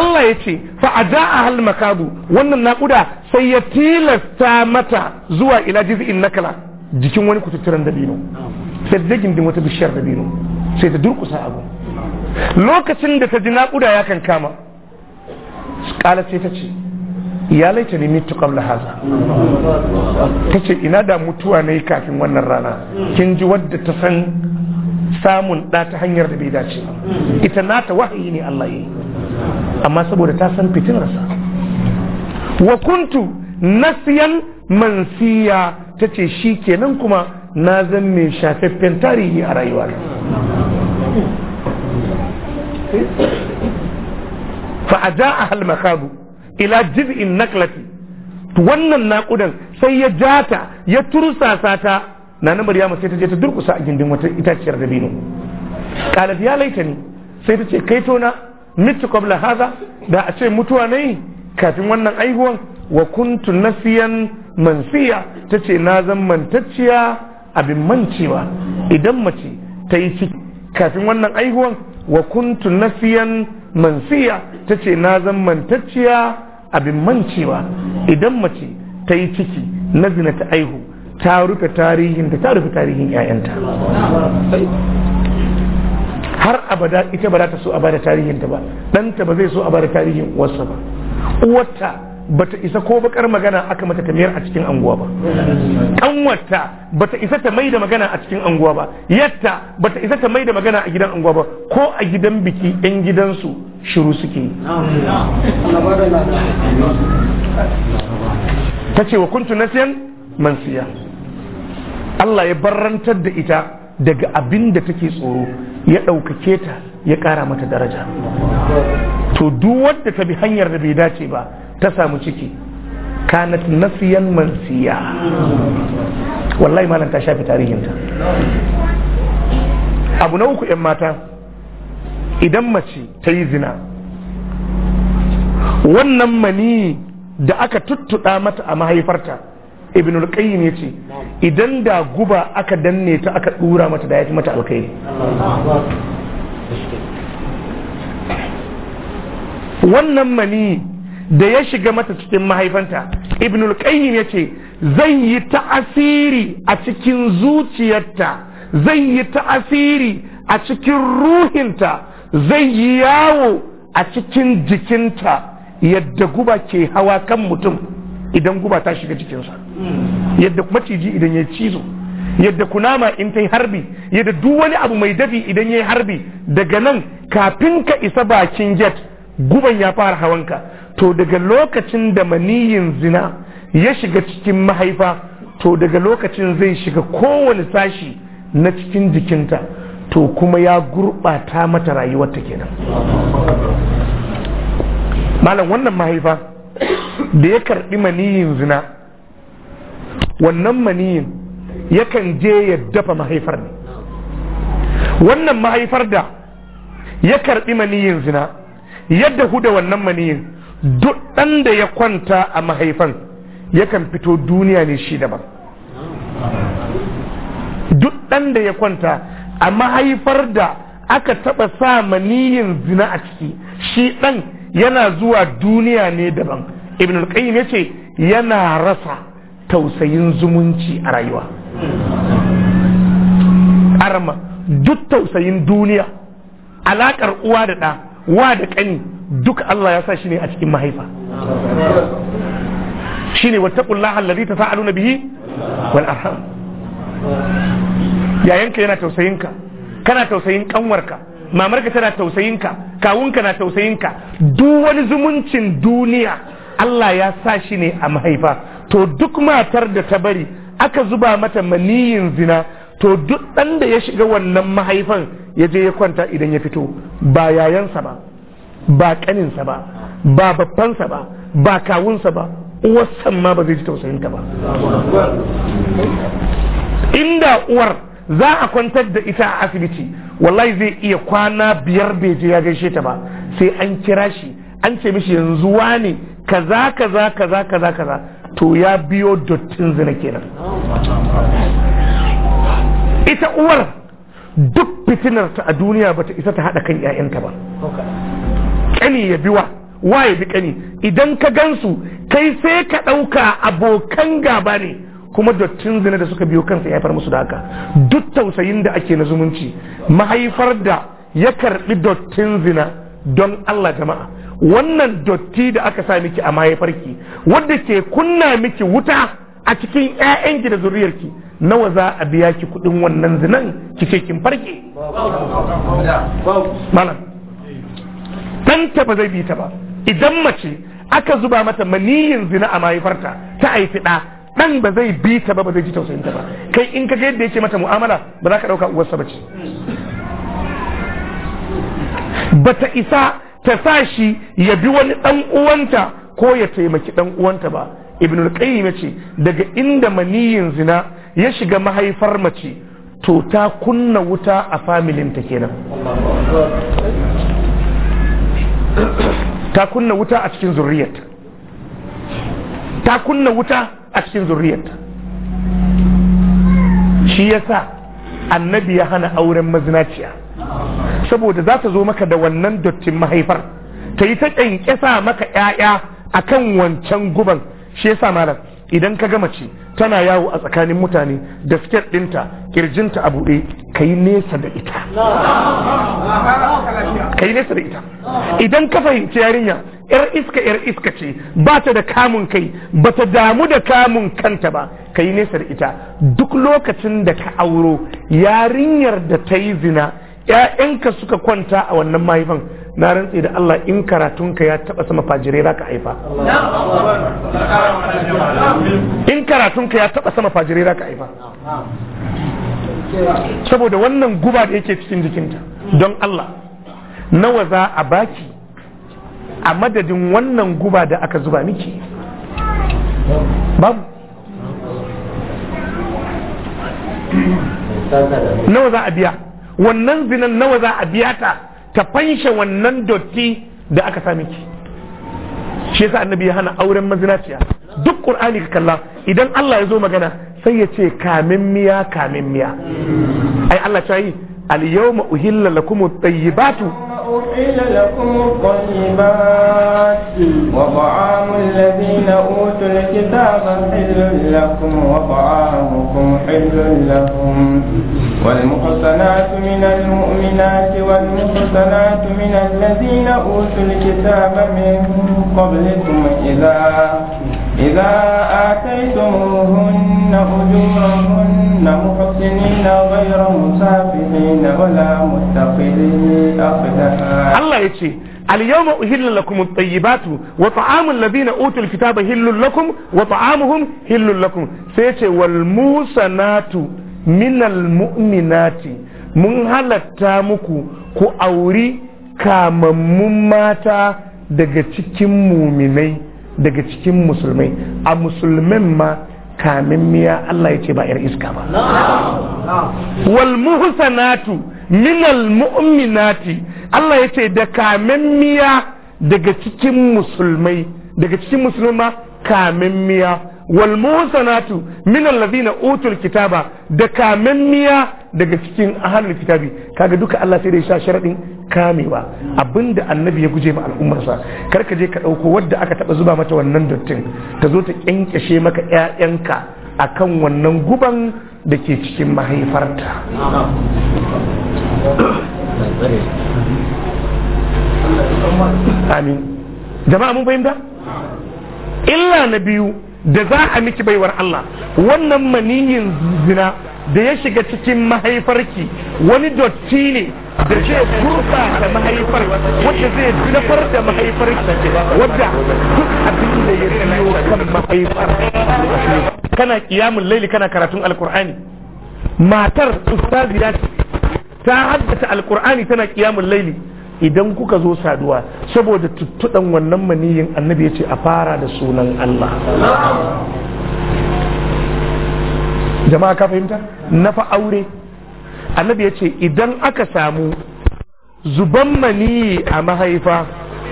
Speaker 1: Allah yace fa a ja'a hal makhadu wannan naƙuda sai ya tilasta mata zuwa ila jiz'in nakla jikin wani kututturen dabino sai da gindin wata bishiyar dabino sai ta durkusa abu lokacin da ta ji naƙuda ya kan kama ƙala sai ta ce ya laita ne mitu ƙamla haza ta ce ina da mutuwa na yi kafin wannan rana kin ji wadda ta san samun ɗa ta hanyar da bai dace ita na ta wahayi ne Allah yi amma saboda ta san fitin rasa wa kuntu nasiyan mansiya ta ce shi kenan kuma na zan mai shafaffen tarihi a rayuwa فأجاءها المخاض إلى naklati, to wannan naƙudan sai ya jata ya tursasa ta na na maryama sai ta je ta durkusa a gindin wata itaciyar dabino qalat ya laitani sai ta ce kai tona na mitu kwabla haza da a ce mutuwa nayi kafin wannan aihuwan wa kuntu nasiyan mansiya ta ce na zan mantacciya abin mancewa idan mace ta yi ciki kafin wannan aihuwan wa kuntu nafiyan mansiya ta ce na zan mantacciya abin mancewa idan mace ta yi ciki na zina ta aihu ta rufe tarihin ta rufe tarihin 'ya'yanta har abada ita ba za ta so a bada tarihin ta ba ɗanta ba zai so a bada tarihin uwarsa ba uwarta bata isa ko bakar magana aka mata tamiyar a cikin anguwa ba kanwarta bata isa ta mai da magana a cikin anguwa ba yatta bata isa ta mai da magana a gidan anguwa ba ko a gidan biki yan gidansu shiru suke ta ce wa kuntu nasiyan mansiya Allah ya barrantar da ita daga abin da take tsoro ya ɗaukake ta ya ƙara mata daraja to duk wadda ta bi hanyar da bai dace ba ta samu ciki kanat nasiyan mansiya wallahi malam ta shafi tarihinta abu na uku 'yan mata idan mace ta yi zina wannan mani da aka tuttuɗa mata a mahaifarta ibn al-qayyim yace idan da guba aka danne ta aka ɗura mata da ya fi mata alkhairi wannan mani da ya shiga mata cikin mahaifanta ibnul qayyim yace zai yi ta'asiri a cikin zuciyarta zai yi ta'asiri a cikin ruhinta zai yi yawo a cikin jikinta yadda guba ke hawa kan mutum idan guba ta shiga jikinsa yadda maciji idan ya cizo yadda kunama in ta yi harbi yadda duk wani abu mai dafi idan ya yi harbi daga nan kafin ka isa bakin jet guban ya fara hawanka to daga lokacin da maniyin zina ya shiga cikin mahaifa to daga lokacin zai shiga kowane sashi na cikin jikinta to kuma ya gurɓata mata rayuwarta kenan malam wannan mahaifa da ya karɓi maniyin zina wannan maniyin yakan je ya dafa mahaifar ne wannan mahaifar da ya karɓi maniyin zina yadda da wannan maniyin duk ɗan da ya kwanta a mahaifan yakan fito duniya ne shi daban duk ɗan da ya kwanta a mahaifar da aka taɓa sa maniyin zina a ciki shi ɗan yana zuwa duniya ne daban ibn al-qayyim yace yana rasa tausayin zumunci a rayuwa arma duk tausayin duniya alaƙar uwa da ɗa wa da ƙani duk Allah ya sa shi ne a cikin mahaifa shine ta allazi na bihi wal arham yayanka yana tausayinka. kana tausayin kanwarka mamarka tana tausayin ka kawunka na tausayin ka duk wani zumuncin duniya Allah ya sa shi ne a mahaifa to duk matar da ta bari aka zuba mata maniyin zina to duk ɗan da ya shiga wannan mahaifan ya je ya kwanta idan ya fito ba yayansa ba ba kaninsa ba ba babbansa ba ba kawunsa ba uwarsan ma ba zai ji tausayinta ba inda uwar za a kwantar da ita a asibiti wallahi zai iya kwana biyar bai je ya gaishe ta ba sai an kira shi an ce mishi yanzu wane kaza kaza kaza kaza kaza to ya biyo dottin zina kenan ita uwar duk fitinarta a duniya bata isa ta haɗa kan 'ya'yanta ba kani ya biwa wa ya bi kani idan ka gansu kai sai ka ɗauka abokan gaba ne kuma dattin zina da suka biyo kansa ya haifar musu da haka duk tausayin da ake na zumunci mahaifar da ya karɓi dattin zina don Allah jama'a wannan dotti da aka sa miki a mahaifarki wadda ke kunna miki wuta a cikin 'ya'yanki da zuriyarki nawa za a biya ki kuɗin wannan zinan kike kin malam danta ba zai bi ta ba idan mace aka zuba mata maniyin zina a mahaifarta ta haifi ɗa ɗan ba zai bi ta ba ba zai ji tausayin ta ba kai in ka ga yadda yake mata mu'amala ba za ka ɗauka uwarsa ba ce ba isa ta sa shi ya bi wani ɗan uwanta ko ya taimaki ɗan uwanta ba ibnul qayyim ce daga inda maniyin zina ya shiga mahaifar mace to ta kunna wuta a familin ta kenan ta kunna wuta a cikin zurriyarta ta kunna wuta a cikin zurriyarta shi yasa annabi ya hana auren mazinaciya saboda za ta zo maka da wannan dottin mahaifar ta yi ta kyankyasa maka 'ya'ya a kan wancan guban shi yasa malam idan ka gama ce tana yawo a tsakanin mutane da siket ɗinta ƙirjinta a buɗe ka yi nesa da ita kai nesa da ita idan ka fahimci yarinya yar iska yar iska ce ba ta da kamun kai ba ta damu da kamun kanta ba kai nesa da ita duk lokacin da ka auro yarinyar da ta yi zina ‘ya'yanka suka kwanta a wannan mahaifan na rantsi da Allah in karatunka ya taba sama fajirai za ka haifa in karatunka ya taba sama fajirai za ka haifa saboda wannan guba da yake cikin jikinta don Allah nawa za a baki a madadin wannan guba da aka zuba miki babu nawa za a biya wannan zinan nawa za a biya ta ta fanshe wannan dotti da aka sa miki shi yasa annabi ya hana auren mazinaciya duk qur'ani ka kalla idan Allah ya zo magana sai ya ce kamin miya kamin miya ai Allah ta yi al yawma uhilla lakumut tayyibatu
Speaker 3: أحل لكم الطيبات وطعام الذين أوتوا الكتاب حل لكم وطعامكم حل لكم والمحصنات من المؤمنات والمحصنات من الذين أوتوا الكتاب من قبلكم إذا إذا آتيتموهن أجورهن كن محسنين غير مسافحين ولا متخذي
Speaker 1: أخدان الله يتشي اليوم أهل لكم الطيبات وطعام الذين أوتوا الكتاب هل لكم وطعامهم هل لكم سيتشي والموسنات من المؤمنات mun halatta muku ku auri kamammun mata daga cikin muminai daga cikin musulmai a musulmin ma kamin miya Allah ya ce ba 'yar iska ba wal muhsanatu minal mu'minati Allah ya ce da kamin miya daga cikin musulmai daga cikin musulma kamin miya walmusanatu musanatu min alladhina utul kitaba da kamanniya daga cikin ahlul kitabi kaga duka Allah sai da ya sha sharadin kamewa abinda annabi ya guje ma al'ummar sa karka je ka dauko wadda aka taba zuba mata wannan dottin ta zo ta kyankyashe maka ƴaƴanka akan wannan guban da ke cikin mahaifarta amin jama'a mun fahimta illa na biyu da za a miki baiwar Allah wannan maniyin zina da ya shiga cikin mahaifarki wani dotti ne da zai kurfa da mahaifar wadda zai zinafar da mahaifarki wadda duk abin da ya biyo kan mahaifar kana kiyamun laili kana karatun alkur'ani matar ustaziya ta haddata alkur'ani tana kiyamun laili idan kuka zo saduwa saboda tuttuɗan wannan maniyin annabi ya ce a fara da sunan Allah jama'a ka fahimta na fa aure annabi ya ce idan aka samu zuban maniyi a mahaifa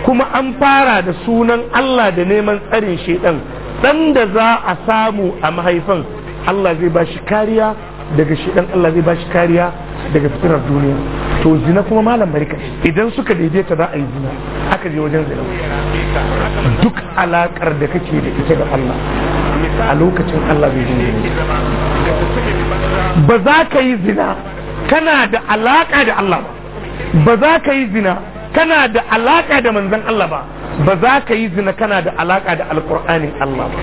Speaker 1: kuma an fara da sunan Allah da neman tsarin shedan dan da za a samu a mahaifan Allah zai ba shi kariya daga shedan Allah zai ba shi kariya daga fitinar duniya to zina kuma malam barika idan suka daidaita za a yi zina aka je wajen zina duk alakar da kake da ita da Allah a lokacin Allah bai zina ba za ka yi zina kana da alaka da Allah ba ba za ka yi zina kana da alaka da manzon Allah ba ba za ka yi zina kana da alaka da alkur'anin Allah ba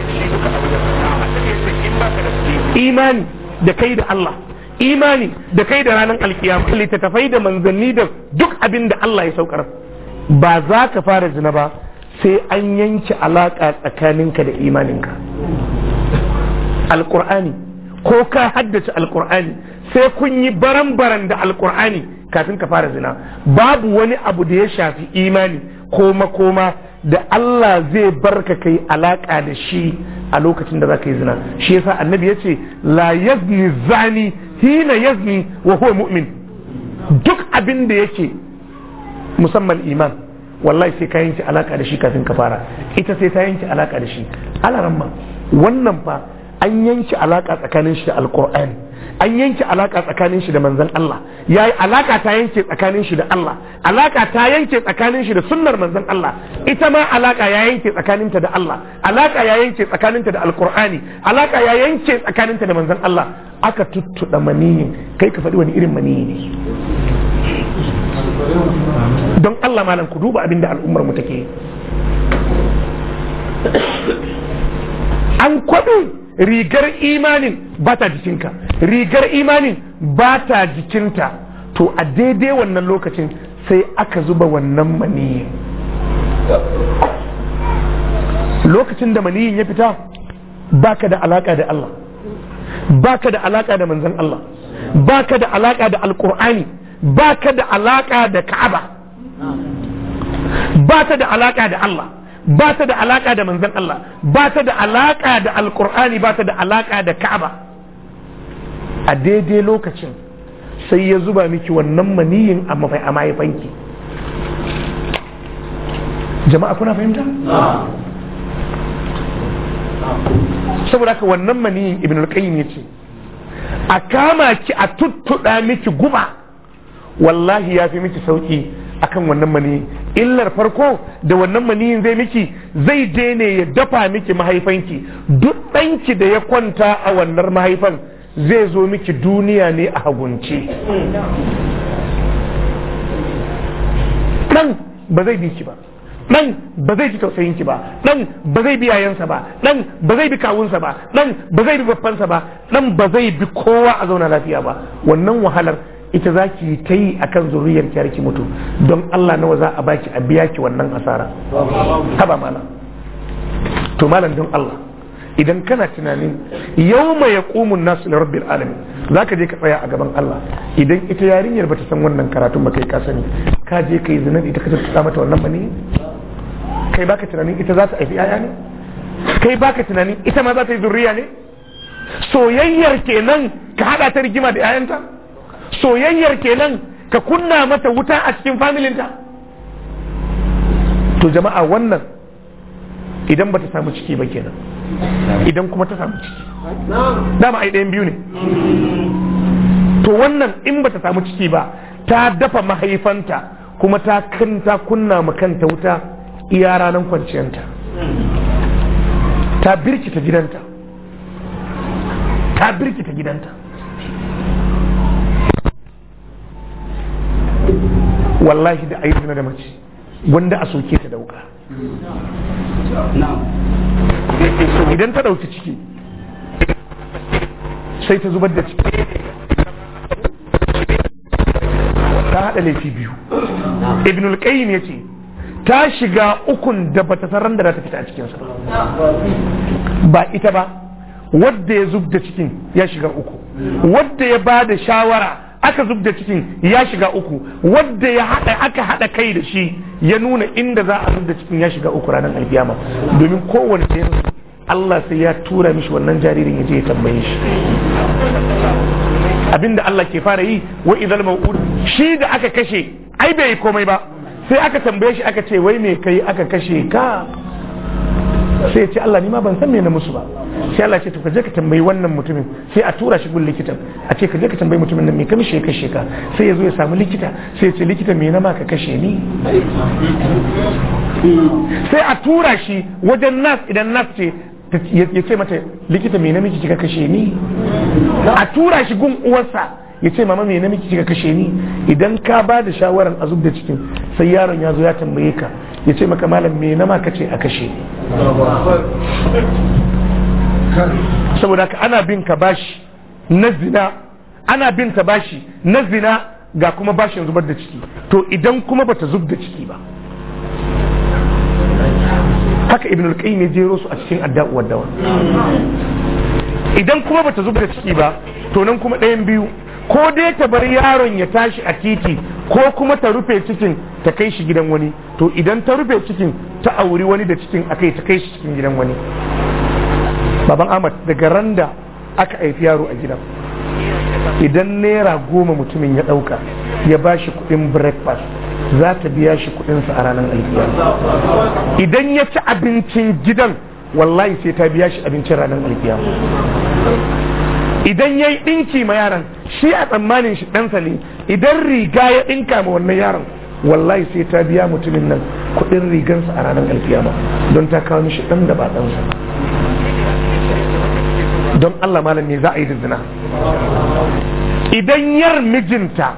Speaker 1: imani da kai da Allah imani da kai da ranar alkiyama littattafai da manzanni da duk abin da Allah ya saukar ba za ka fara zina ba sai an yanke alaƙa tsakaninka da imaninka Alƙur'ani ko ka haddace Alƙur'ani sai kun yi baran-baran da Alƙur'ani kafin ka fara zina babu wani abu da ya shafi imani ko koma da Allah zai barka kai alaƙa da shi a lokacin da za ka yi zina shi yasa annabi ya ce la yazni zani hina yazni wa huwa mu'min duk abin da yake musamman iman wallahi sai ka yanke alaka da shi kafin ka fara ita sai ta yanke alaka da shi alaramma wannan fa an yanke alaka tsakanin shi da alkur'ani an yanke alaka tsakanin shi da manzon Allah yayi alaka ta yanke tsakanin shi da Allah alaka ta yanke tsakanin shi da sunnar manzon Allah ita ma alaka ya yanke ta da Allah alaka ya yanke ta da alkur'ani alaka ya yanke ta da manzon Allah aka tuttuɗa maniyi kai ka faɗi wani irin maniyi ne don Allah malam ku duba abin da al'ummar mu take an kwaɗe rigar imanin ba ta jikinka rigar imanin ba ta jikinta to a daidai wannan lokacin sai aka zuba wannan maniyin lokacin da maniyin ya fita ba ka da alaka da Allah ba ka da alaka da manzan Allah ba ka da alaka da alkur'ani ka da alaka da ka'aba ba ka da alaka da Allah ba ta da alaka da manzon Allah ba ta da alaka da alkur'ani ba ta da alaka da ka'aba a daidai lokacin sai ya zuba miki wannan maniyin a mahaifanki jama'a kuna fahimta saboda haka wannan maniyin ibn al-qayyim yace a kama ki a tuttuda miki guba wallahi ya fi miki sauki akan wannan mani illar farko da wannan maniyin zai miki zai je ne ya dafa miki mahaifanki duk ɗanki da ya kwanta a wannan mahaifan zai zo miki duniya ne a hagunci ɗan ba zai biki ki ba ɗan ba zai ji tausayinki ba ɗan ba zai bi yayansa ba ɗan ba zai bi kawunsa ba ɗan ba zai bi babbansa ba ɗan ba zai bi kowa a zauna lafiya ba wannan wahalar ita za ki ta yi a kan zuriyar ki mutu don Allah nawa za a baki a biya ki wannan asara haba mana to malam don Allah idan kana tunanin yau mai ya ƙumun nasu da rabbil alamin za ka je ka tsaya a gaban Allah idan ita yarinyar bata san wannan karatun ba kai ka sani ka je ka yi zinan ita ka tattata mata wannan ba ne kai baka tunanin ita za ta haifi 'ya'ya ne kai baka tunanin ita ma za ta yi zurriya ne soyayyar kenan ka haɗa ta rigima da 'ya'yanta soyayyar kenan ka kunna mata wuta a cikin familinta to jama'a wannan idan ba ta samu ciki ba kenan idan kuma ta samu ciki dama ai ɗayan biyu ne to wannan in ba ta samu ciki ba ta dafa mahaifanta kuma ta kanta kunna ma kanta wuta iya ranar kwanciyanta ta birkita gidanta ta birkita gidanta wallahi da ayi na da mace wanda a soke ta dauka idan ta dauki ciki sai ta zubar da ciki ta hada laifi biyu ibnul qayyim yace ta shiga ukun da bata san randa da ta fita a cikin sa ba ita ba wadda ya zub da cikin ya shiga uku wanda ya ba da shawara aka zub da cikin ya shiga uku wadda ya hada aka hada kai da shi ya nuna inda za a zub da cikin ya shiga uku ranar alkiyama domin kowane yanzu, Allah sai ya tura mishi wannan jaririn ya je ya tambaye shi abinda Allah ke fara yi wa idal maw'ud shi da aka kashe ai bai komai ba sai aka tambaye shi aka ce wai me kai aka kashe ka sai ya ce Allah ni ma ban san me na musu ba sai Allah ce to ka je ka tambayi wannan mutumin sai a tura shi gun likitan a ce ka je ka tambayi mutumin nan me ka mishi kashe ka sai ya zo ya samu likita sai ya ce likita me na ma ka kashe ni sai a tura shi wajen nas idan nas ce ya ce mata likita me na miki kika kashe ni a tura shi gun uwarsa ya ce mama me na miki kika kashe ni idan ka ba da shawaran a zub da cikin sai yaron ya zo ya tambaye ka ya ce maka malam me nama ka ce a kashe saboda ka ana bin ka bashi na zina ana bin ta bashi na zina ga kuma bashin zubar da ciki to idan kuma bata zub da ciki ba haka ibn al-qayyim ya jero su a cikin adda'u dawa. idan kuma bata zub da ciki ba to nan kuma ɗayan biyu ko dai ta bar yaron ya tashi a titi ko kuma ta rufe cikin ta kai shi gidan wani to idan ta rufe cikin ta auri wani da cikin akai ta kai shi cikin gidan wani baban ahmad daga ran da aka haifi yaro a gidan idan naira goma mutumin ya ɗauka ya ba shi kuɗin breakfast za ta biya shi kuɗinsa a ranar alkiyama idan ya ci abincin gidan wallahi sai ta biya shi abincin ranar alkiyama idan ya yi ɗinki ma yaran, shi a tsammanin shi ɗansa ne idan riga ya ɗinka ma wannan yaron wallahi sai ta biya mutumin nan kuɗin rigansa a ranar alfiyama don ta kawo mishi ɗan da ba ɗansa don Allah malam me za a yi da zina idan yar mijinta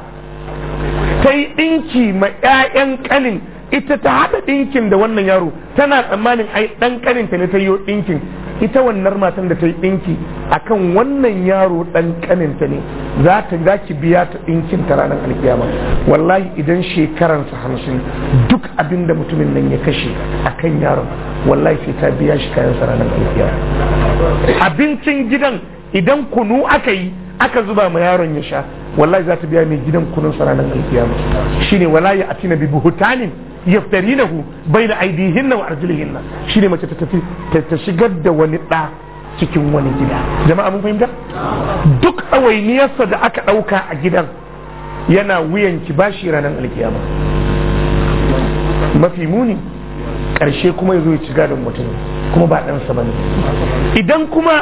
Speaker 1: ta yi ɗinki ma 'ya'yan ƙanin ita ta haɗa ɗinkin da wannan yaro tana tsammanin ai ɗan ƙaninta ne ta yi ɗinkin ita wannan matan da ta yi ɗinki akan wannan yaro ɗan ƙaninta ne za ta za ki biya ta ɗinkin ta ranar alkiyama wallahi idan shekaransa hamsin duk abin da mutumin nan ya kashe akan yaron wallahi sai ta biya shi kayan sa ranar alkiyama abincin gidan idan kunu aka yi aka zuba ma yaron ya sha wallahi za ta biya mai gidan kunun sa ranar alkiyama shine wallahi ya atina bi buhutanin yaftarinahu baina aydihinna wa arjulihinna shine mace ta tafi ta shigar da wani ɗa cikin wani gida jama'a mun fahimta duk awainiyarsa da aka ɗauka a gidan yana wuyan ki bashi ranar alkiyama mafi muni karshe kuma ya zo ya ci gadon mutum kuma ba ɗansa ba ne idan kuma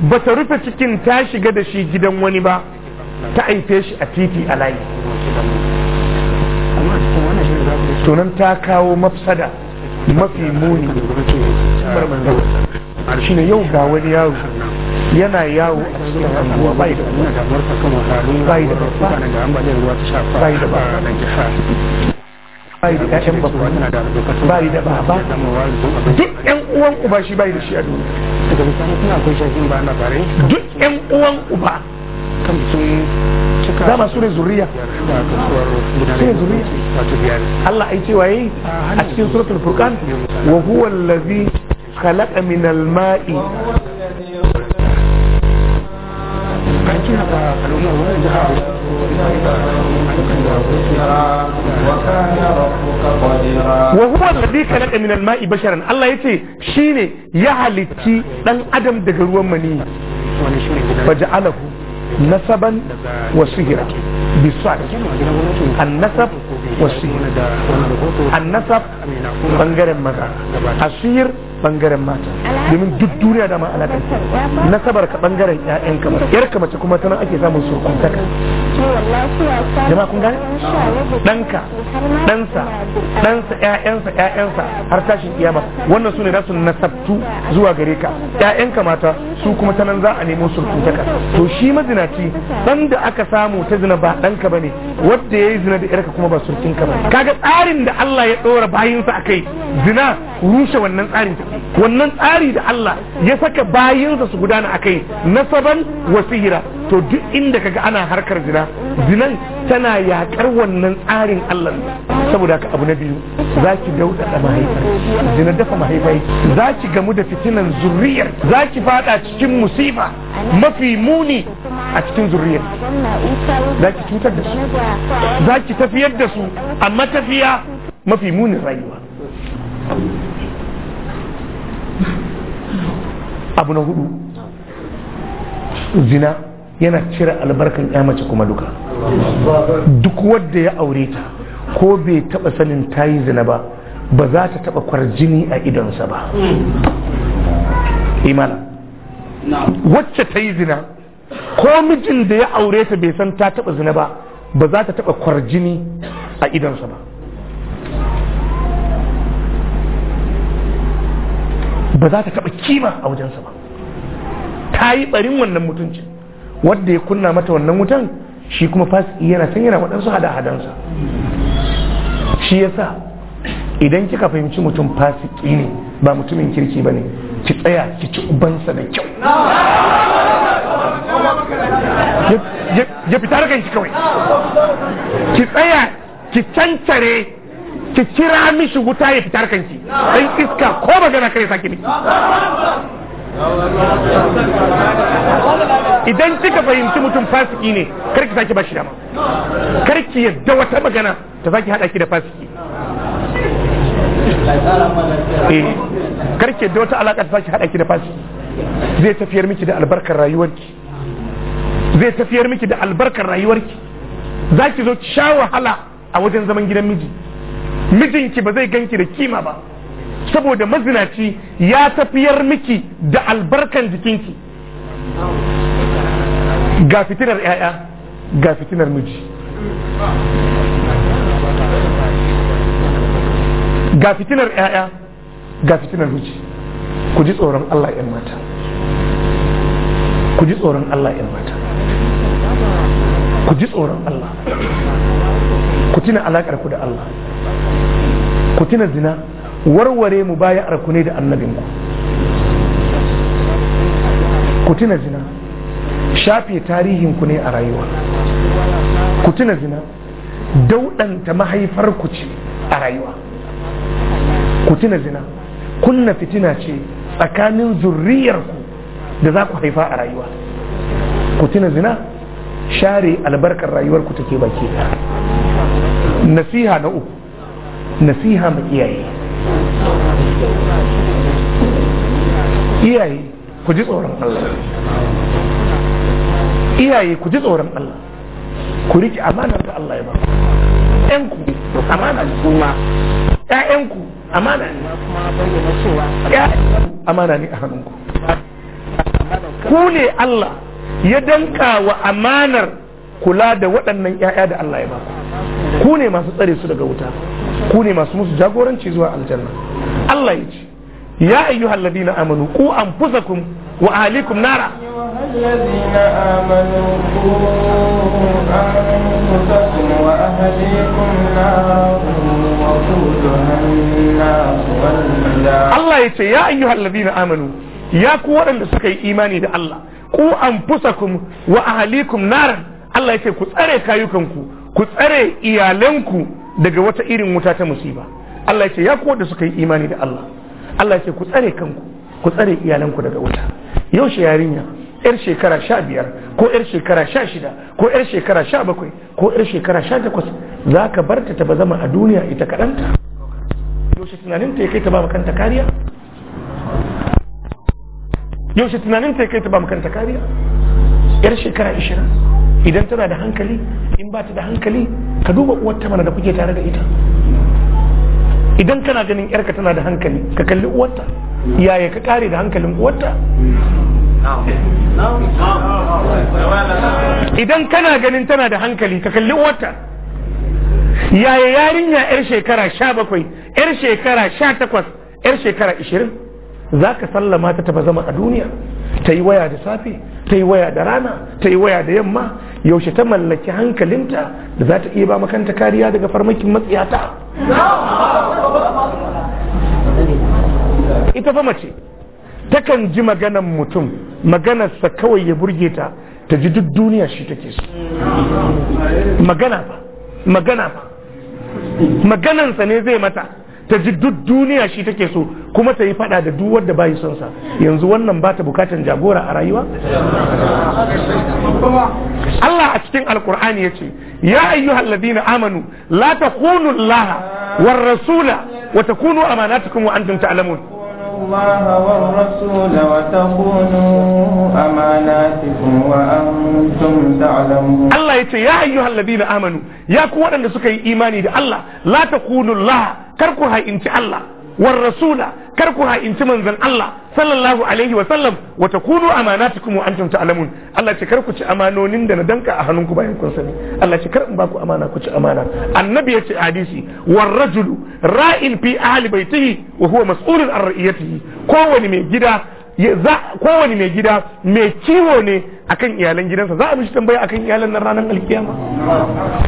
Speaker 1: ba ta rufe cikin ta shiga da shi gidan wani ba ta aife shi a titi a layi tunan ta kawo mafsada mafi muni shi ne yau ga wani yaro yana yawo a cikin anguwa bai da bai da ba bai da bai da bai da duk uwan uba shi bai da shi a duniya duk yan uwan uba dama su ne zuriya su ne zuriya Allah ai cewa yi a cikin suratul furqan wa huwa allazi khalaqa min al-ma'i وهو الذي خلق من الماء بشرا الله يتي شيني يا حليتي دان ادم daga ruwan mani فجعله نسبا وسهرا بالصالح النسب والسهر النسب بنجر المزار السهر bangaren mata domin duk duniya da ma alaƙar nasabar ka bangaren ƴaƴan ka yar ka mace kuma tana ake samun surkun kaka jama kun gane ɗanka ɗansa ɗansa ƴaƴansa ƴaƴansa har tashin kiyama wannan su ne za su nasabtu zuwa gare ka ƴaƴan ka mata su kuma ta nan za a nemo surkun kaka to shi mazinaci ɗan da aka samu ta zina ba ɗanka bane ya yi zina da yarka kuma ba surkin ka ba kaga tsarin da Allah ya ɗora bayinsa kai zina rushe wannan tsarin wannan tsari da Allah ya saka bayinsa su gudana a kai nasaban wasira. to duk inda kaga ana harkar zina zinan tana yakar wannan tsarin Allah saboda ka abu na biyu za ki dauda da mahaifa zina dafa mahaifa za ki gamu da fitinan zurriyar za ki fada cikin musifa mafi muni a cikin zurriyar za ki cutar da su za ki tafiyar da su amma tafiya mafi munin rayuwa abu na hudu zina yana cire albarkan ya mace kuma duka duk wadda ya aure ta ko bai taba sanin ta yi zina ba ba za ta taba kwarjini a idonsa ba imana eh, wacce ta yi zina ko mijin da ya aure ta bai san ta taba zina ba ba za ta taba jini a idonsa ba ba za ta taɓa kima a wajensa ba ta yi ɓarin wannan mutunci. wadda ya kunna mata wannan wutan shi kuma fas yana san yana waɗansu hada-hadansa shi ya sa idan kika fahimci mutum fasiki ne ba mutumin kirki ba ne ki tsaya ki ci ubansa da kyau ya fita da kanki kawai ki tsaya ki cancare ki kira mishi wuta ya fitar kanki dan iska ko magana kare saki miki idan kika fahimci mutum fasiki ne kar ki saki bashi dama ki yadda wata magana ta saki hada ki da fasiki eh, Kar ki yadda wata alaka ta saki hada ki da fasiki zai tafiyar miki da albarkar rayuwarki zai tafiyar miki da albarkar rayuwarki zaki zo ki sha wahala a wajen zaman gidan miji mijinki ba zai ganki da kima ba saboda mazinaci ya tafiyar miki da albarkan jikinki ga fitinar 'ya'ya ga fitinar miji ga fitinar 'ya'ya ga fitinar miji ku ji tsoron Allah 'yan mata ku ji tsoron Allah 'yan mata ku ji tsoron Allah ku tuna alakar ku da Allah ku tuna zina warware mu baya arku ne da annabinku ku tuna zina shafe tarihinku ne a rayuwa ku tuna zina daudanta mahaifarku ce a rayuwa ku tuna zina kunna fitina ce tsakanin zurriyarku da za ku haifa a rayuwa ku tuna zina share albarkar rayuwarku take baki nasiha na uku nasiha ma iyaye iyaye ku ji tsoron Allah iyaye ku ji tsoron Allah ku riƙe amanar da Allah ya ba ku amana kuma ƴaƴanku amana ne amana ne a hannunku ku ne Allah ya danka wa amanar kula da waɗannan ƴaƴa da Allah ya ba ku ne masu tsare su daga wuta ku ne masu musu jagoranci zuwa aljanna Allah ya ce ya ayyu halladina amanu ku an fusa wa ahalikum Allah ya ce ya ayyu halladina amanu ku waɗanda suka yi imani da Allah ku an fusa kun wa ahalikum Allah ya ce ku tsare kayukanku ku tsare iyalanku daga wata irin wuta ta musiba Allah ya ce ya ku wanda suka yi imani da Allah Allah ya ce ku tsare kanku ku tsare iyalanku daga wuta yau shi yarinya yar shekara sha biyar ko yar shekara sha shida ko yar shekara sha bakwai ko yar shekara sha takwas za ka bar ta taba zama a duniya ita kaɗanta yaushe tunanin ta ya kai ta ba makanta kariya shi tunanin ta ya kai ta ba makanta kariya yar shekara ishirin idan tana da hankali in ba ta da hankali ka duba uwarta mana da kuke tare da ita idan kana ganin yarka tana da hankali ka kalli uwarta yaya ka kare da hankalin uwarta idan kana ganin tana da hankali ka kalli uwarta yaya yarinya yar shekara sha bakwai yar shekara sha takwas yar shekara ishirin za ka sallama ta taba zama a duniya ta yi waya da safe ta yi waya da rana ta yi waya da yamma yaushe ta mallaki hankalinta da za ta iya ba makanta kariya daga farmakin matsiyata ita fa mace takan ji maganan mutum maganarsa kawai ya burge ta ta ji duk duniya shi take su magana ba magana ba maganansa ne zai mata ta ji duk duniya shi take so kuma ta yi fada da duk wanda bayi son sa yanzu wannan ba ta bukatan jagora a rayuwa Allah a cikin alkur'ani ya ce ya ayyuhal na amanu la takunu Allah war rasula wa takunu amanatukum wa antum ta'lamun
Speaker 3: الله والرسول وتخونوا أماناتكم
Speaker 1: وأنتم تعلمون الله يتي يا أيها الذين آمنوا يا كوانا لسكي إيماني الله لا تخونوا الله كركوها إنت الله war rasula kar ku ha'inci manzon Allah sallallahu alaihi wa sallam wa takunu amanatukum wa antum ta'lamun Allah ce kar ku ci amanonin da na danka a hannunku bayan kun sani Allah ce kar in ba ku amana ku ci amana annabi ya ce hadisi war rajulu ra'in fi ahli baitihi wa huwa mas'ulun an ra'iyatihi kowani mai gida kowane mai gida mai kiwo ne akan iyalan gidansa za a mishi tambaya akan iyalan nan ranar alkiyama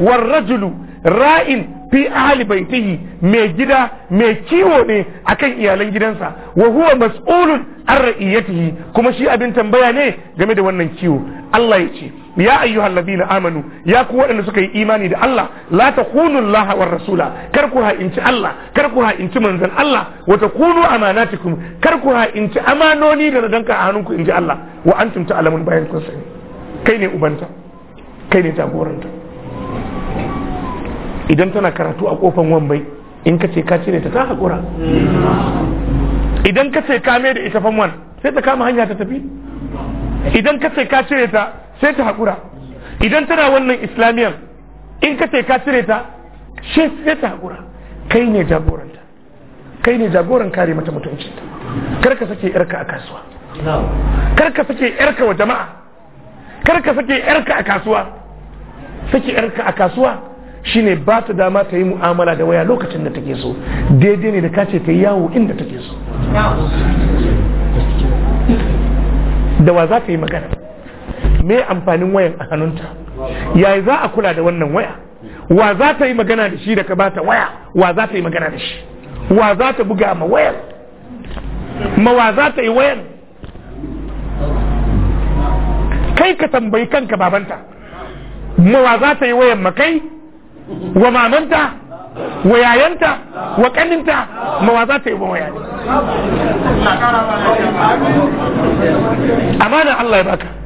Speaker 1: war rajulu ra'in fi ahli baitihi mai gida mai kiwo ne akan iyalan gidansa wa huwa mas'ulun an ra'iyatihi kuma shi abin tambaya ne game da wannan kiwo Allah ya ce ya ayyuhal na amanu ya ku waɗanda suka yi imani da Allah Lata takunu Allah war rasula kar ku ha'inci Allah kar ku ha'inci manzon Allah wa takunu amanatikum kar ku ha'inci amanoni da danka a hannunku inji Allah wa antum ta'lamun bayan kun sani kai ne ubanta kai ne jagoranta idan tana karatu a kofan wambai in ka ce ka ta ta idan ka ce ka da ita ta kama hanya ta tafi idan ka ce ka ta sai ta haƙura idan tana wannan islamiyan in ka ce ka cire ta sai ta haƙura kai ne jagoranta kai ne jagoran kare mata mutuncinta kar ka sake yarka a kasuwa kar ka sake yarka wa jama'a kar ka sake yarka a kasuwa sake yarka a kasuwa shine ba ta dama ta yi mu'amala da waya lokacin da take so daidai ne da ka ce ta yi yawo inda take so da wa za ta yi magana me amfanin wayan a hannunta yayi za a kula da wannan waya wa za ta yi magana da shi da ka bata waya wa za ta yi magana da shi wa za ta buga ma wayan ma wa za ta yi wayan kai ka tambayi kanka babanta ma wa za ta yi wayan ma kai wa mamanta wa yayanta wa kaninta ma wa za ta yi wa wayan amana Allah ya baka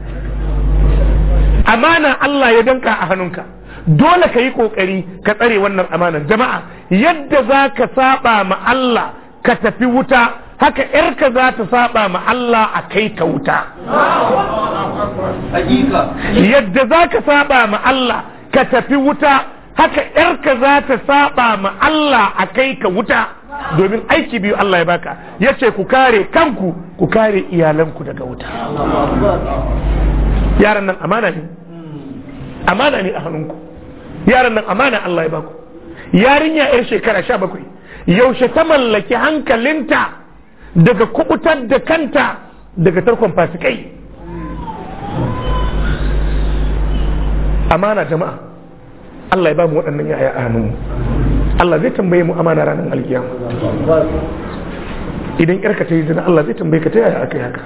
Speaker 1: amana Allah ya danka a hannunka dole ka yi kokari ka tsare wannan amanan jama'a yadda za ka saba ma Allah ka tafi wuta haka yarka za ta saba ma Allah a kai ta wuta yadda za ka saba ma Allah ka tafi wuta haka yarka za ta saba ma Allah a kai ka wuta domin aiki biyu Allah ya baka yace ku kare kanku ku kare iyalanku daga wuta yaran nan amana ne amana ne a hannunku yaran nan amana Allah ya baku yarinya yar shekara sha bakwai yaushe ta mallaki hankalinta daga kubutar da kanta daga tarkon fasikai amana jama'a Allah ya ba mu waɗannan yaya a hannunmu Allah zai tambaye mu amana ranar alkiyama idan yarka ta yi zina Allah zai tambaye ka ta yaya aka yi haka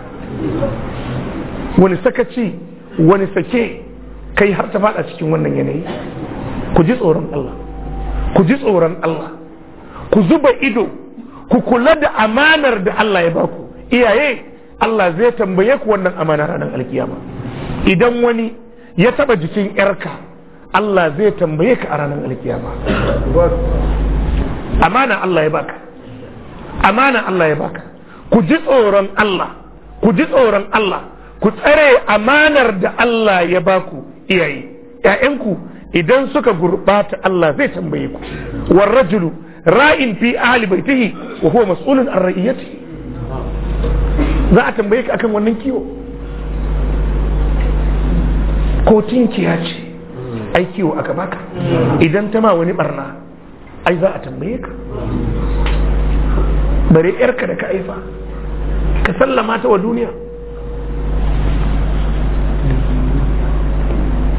Speaker 1: wani sakaci wani sake kai har ta fada cikin wannan yanayi ku ji tsoron Allah ku ji tsoron Allah ku zuba ido ku kula da amanar da Allah ya baku iyaye Allah zai tambaye ku wannan amana ranar alkiyama idan wani ya taba jikin yarka Allah zai tambaye ka a ranar alkiyama amana Allah ya baka amana Allah ya baka ku ji tsoron Allah ku ji tsoron Allah ku tsare amanar da Allah ya baku iyaye ‘ya'yanku idan suka gurɓata Allah zai tambaye ku war rajulu ra'in fi bai tihi wa kuma mas'ulun an ra'iyati za a tambaye ka akan wannan kiwo ko kiya ce ai kiwo aka baka idan ta ma wani barna ai za a tambaye ka bare yarka da ka aifa ka sallama ta wa duniya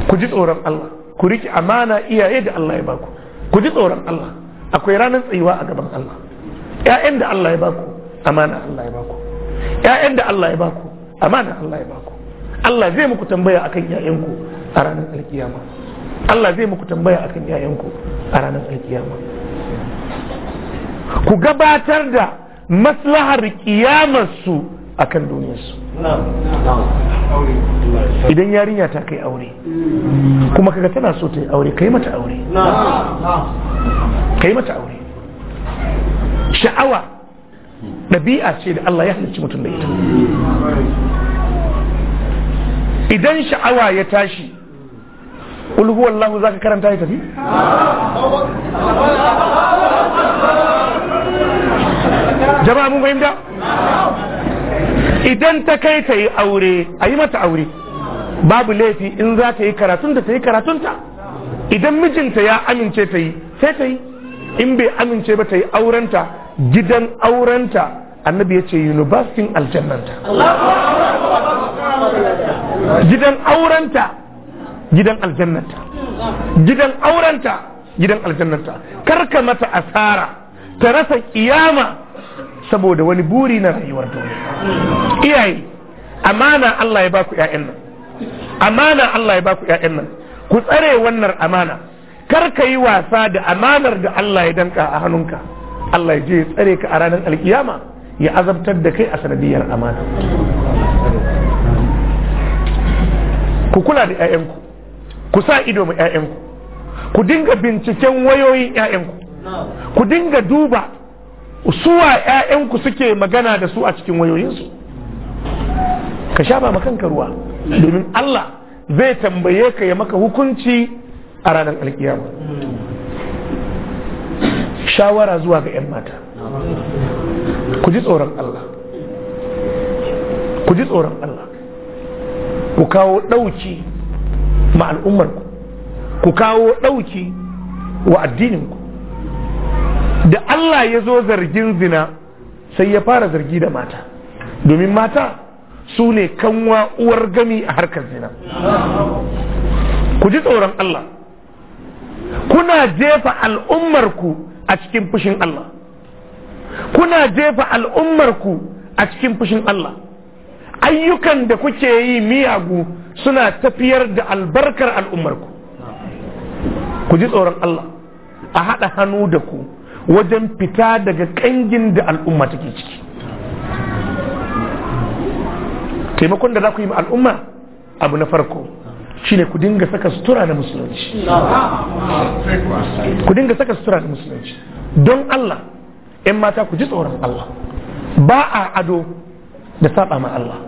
Speaker 1: ku ji tsoron Allah ku riki amana iyaye da Allah ya baku ku ji tsoron Allah akwai ranar tsayuwa a gaban Allah ƴaƴan da Allah ya baku amana Allah ya baku ƴaƴan da Allah ya baku amana Allah ya baku Allah zai muku tambaya akan ƴaƴanku a ranar alkiyama Allah zai muku tambaya akan ƴaƴanku a ranar alkiyama ku gabatar da maslahar kiyamarsu akan duniyarsu idan yarinya ta kai aure kuma kaga tana so ta yi aure kai mata aure kai mata aure sha'awa ɗabi'a ce da Allah ya halicci mutum da ita idan sha'awa ya tashi ulhu wallahu za ka karanta ya tafi? jama'a mun fahimta? idan ta kai ta yi aure a yi mata aure babu laifi in za ta yi karatun da ta yi karatunta idan mijinta ya amince ta yi sai ta yi in bai amince ba ta yi aurenta gidan aurenta annabi ya ce universitin aljannanta gidan aurenta gidan aljannanta gidan aurenta gidan aljannanta karka mata asara ta rasa kiyama saboda wani buri na rayuwar duniya iyaye amana Allah ya baku ƴaƴan nan amana Allah ya baku ƴaƴan nan ku tsare wannan amana kar ka yi wasa da amanar da Allah ya danka a hannunka Allah ya je ya tsare ka a ranar alkiyama ya azabtar da kai a sanadiyar amana ku kula da ƴaƴanku ku sa ido ma ƴaƴanku ku dinga binciken wayoyin ƴaƴanku ku dinga duba suwa ƴaƴanku suke magana da su a cikin wayoyinsu ka sha ba makanka ruwa domin Allah zai tambaye ka ya maka hukunci a ranar alkiyama shawara zuwa ga 'yan mata ku ji tsoron Allah ku ji tsoron Allah ku kawo ɗauki ma al'ummarku ku kawo ɗauki wa addininku da Allah ya zo zargin zina sai ya fara zargi da mata domin mata su ne kanwa uwar gami a harkar zina ku ji tsoron Allah kuna jefa al'ummarku a cikin fushin Allah kuna jefa al'ummarku a cikin fushin Allah ayyukan da kuke yi miyagu suna tafiyar da albarkar al'ummarku ku ji tsoron Allah a haɗa hannu da ku wajen fita daga kangin da al'umma take ciki taimakon da za ku yi al'umma abu na farko shine ku dinga saka sutura na musulunci ku dinga saka sutura na musulunci don Allah 'yan mata ku ji tsoron Allah ba a ado da saba ma Allah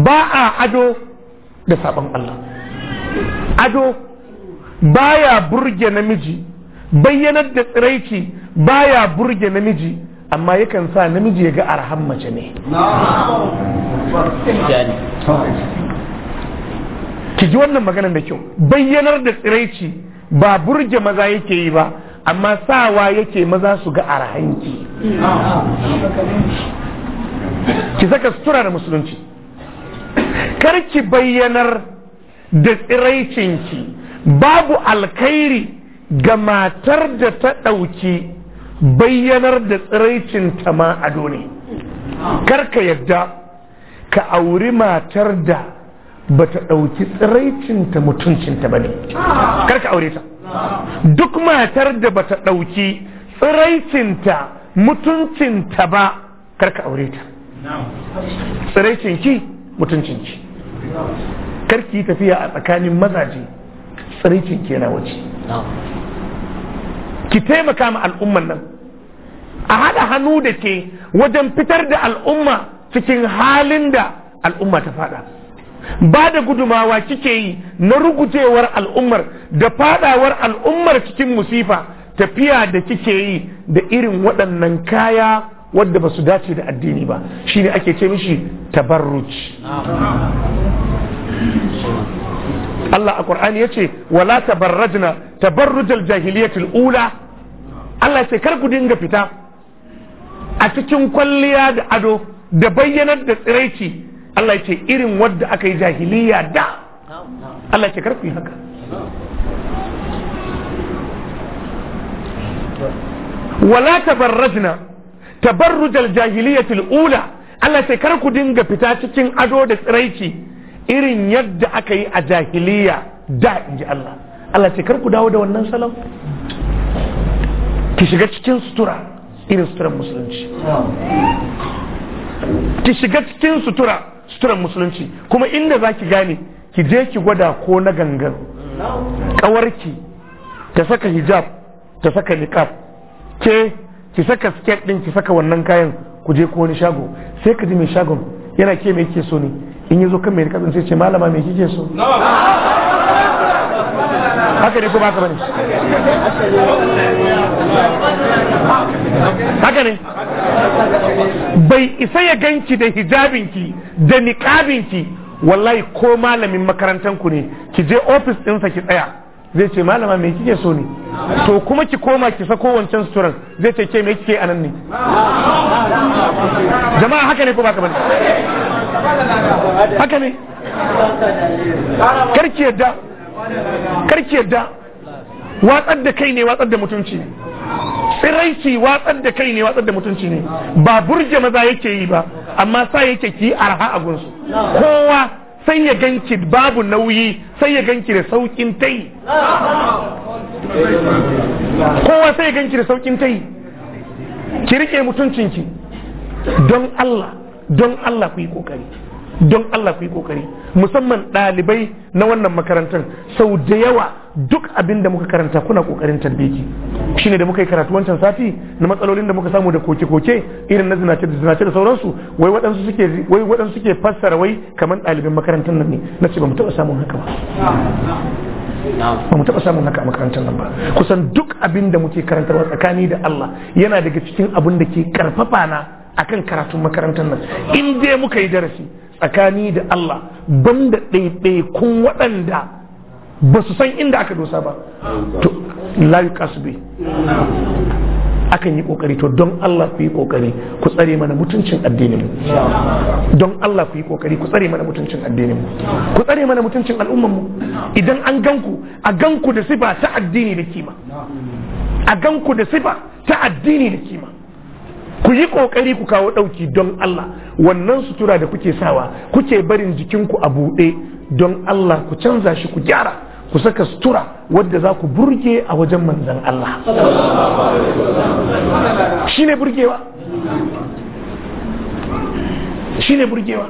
Speaker 1: ba a ado da saban Allah ado baya burge namiji bayyanar da tsiraici baya burge namiji amma yakan sa namiji ya ga arhan mace ne ki ji wannan maganar da kyau bayyanar da tsiraici ba burge maza yake yi ba amma sawa yake maza su ga arhanki ki saka sutura da musulunci kar ki bayyanar da tsiraicinki babu alkhairi ga matar da ta ɗauki bayyanar da tsiraicinta ma a doni karka yadda ka auri matar da ba ta ɗauki tsiraicinta mutuncinta ba ne karka aure ta duk matar da ba ta ɗauki tsiraicinta mutuncinta ba karka aure ta tsiraicinki mutuncinki karki tafiya a tsakanin mazaje tsiricin kenan wace ki taimaka ma al'umman nan a haɗa hannu da ke wajen fitar da al'umma cikin halin da al'umma ta fada ba da gudumawa kike yi na rugujewar al'ummar da fadawar al'ummar cikin musifa tafiya da kike yi da irin waɗannan kaya wadda ba su dace da addini ba shine ake ce mishi tabarruci Allah a Qur'ani yace wala tabarrajna tabarrujal jahiliyatil ula Allah sai kar ku dinga fita a cikin kwalliya da ado da bayyanar da tsiraici Allah yace irin wadda aka yi jahiliya da Allah yace kar ku yi haka wala tabarrajna tabarrujal jahiliyatil ula Allah sai kar ku dinga fita cikin ado da tsiraici irin yadda aka yi a jahiliya da in ji Allah Allah ce kar ku dawo da wannan salon ki shiga cikin sutura irin suturan musulunci ki shiga cikin sutura suturan musulunci kuma inda za ki gane ki je ki gwada ko na gangan kawarki ta saka hijab ta saka niqab ke ki saka siket din ki saka wannan kayan ku je ko wani shago sai ka ji mai shagon yana ke mai ke so ne in yi zo kan mai rikatsin sai ce malama mai kike so
Speaker 4: haka ne ko ba ka bane haka ne
Speaker 1: bai isa ya ganki da hijabinki da niqabinki wallahi ko malamin makarantanku ne ki je ofis ɗinsa ki tsaya zai ce malama me kike so ne to kuma ki koma ki sako wancan suturan zai ce ke mai kike anan ne
Speaker 4: jama'a haka ne ko ba ka bane haka
Speaker 1: ne karki yadda yadda watsar da kai ne watsar da mutunci tsiraici watsar da kai ne watsar da mutunci ne ba burge maza yake yi ba amma sa yake ki arha a gunsu kowa sai ya ganki babu nauyi sai ya ganki da saukin tai kowa sai ya ganki da saukin tai ki rike mutuncinki don Allah don Allah ku yi kokari don Allah ku yi kokari musamman ɗalibai na wannan makarantar sau da yawa duk abin da muka karanta kuna kokarin tambeki shine da muka yi karatu wancan sati na matsalolin da muka samu da koke-koke irin na zinace da zinace da sauransu wai waɗansu suke wai waɗansu suke fassara wai kamar ɗalibin makarantar nan ne na ce ba mu taɓa samun haka ba mu taɓa samun haka a makarantar nan ba kusan duk abin da muke karantarwa tsakani da Allah yana daga cikin abin da ke karfafa na akan karatun makarantar nan in dai muka yi darasi tsakani da Allah banda ɗaiɗaikun waɗanda ba su san inda aka dosa ba to layu kasbe akan yi kokari to don Allah ku yi kokari ku tsare mana mutuncin addinin mu don Allah ku yi kokari ku tsare mana mutuncin addinin mu ku tsare mana mutuncin al'umman mu idan an ganku a ganku da sifa ta addini da kima a ganku da sifa ta addini da kima ku yi kokari ku kawo ɗauki don Allah wannan sutura da kuke sawa kuke barin jikinku a buɗe don Allah ku canza shi ku gyara ku saka sutura wadda za ku burge a wajen manzan Allah shi ne burgewa shi ne burgewa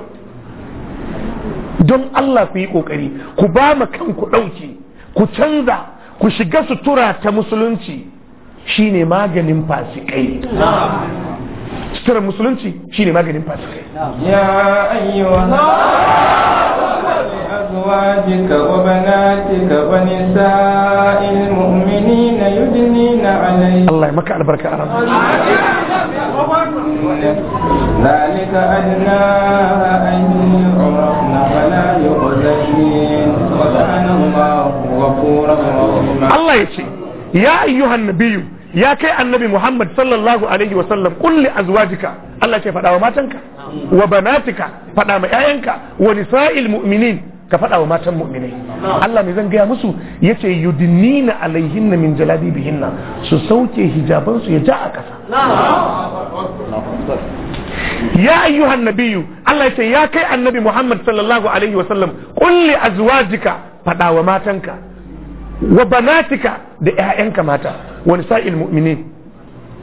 Speaker 1: don Allah ku yi ƙoƙari ku ba ma kanku ɗauki ku canza ku shiga sutura ta musulunci shi ne maganin fasikai suturar musulunci shine maganin fasikai
Speaker 3: ya ayyuha أزواجك وبناتك ونساء المؤمنين يدنين عليه الله يمك على بركة أرام ذلك أدنى أن يعرفن فلا
Speaker 1: يؤذين وكان الله غفورا رحيما الله يا أيها النبي ya kai annabi Muhammad sallallahu alaihi wasallam kulli azwajika Allah ce faɗa wa matanka wa banatika faɗa ma ƴaƴanka wa nisa'il mu'minin ka faɗa wa matan mu'minai Allah mai zan gaya musu yace yudnina alaihinna min jalabibihinna su sauke hijabansu ya ja a ƙasa ya ayyuhan nabiyyu Allah yace ya kai annabi Muhammad sallallahu alaihi wasallam kulli azwajika faɗa wa matanka wa banatika da ƴaƴanka mata wani sa'il mu'minin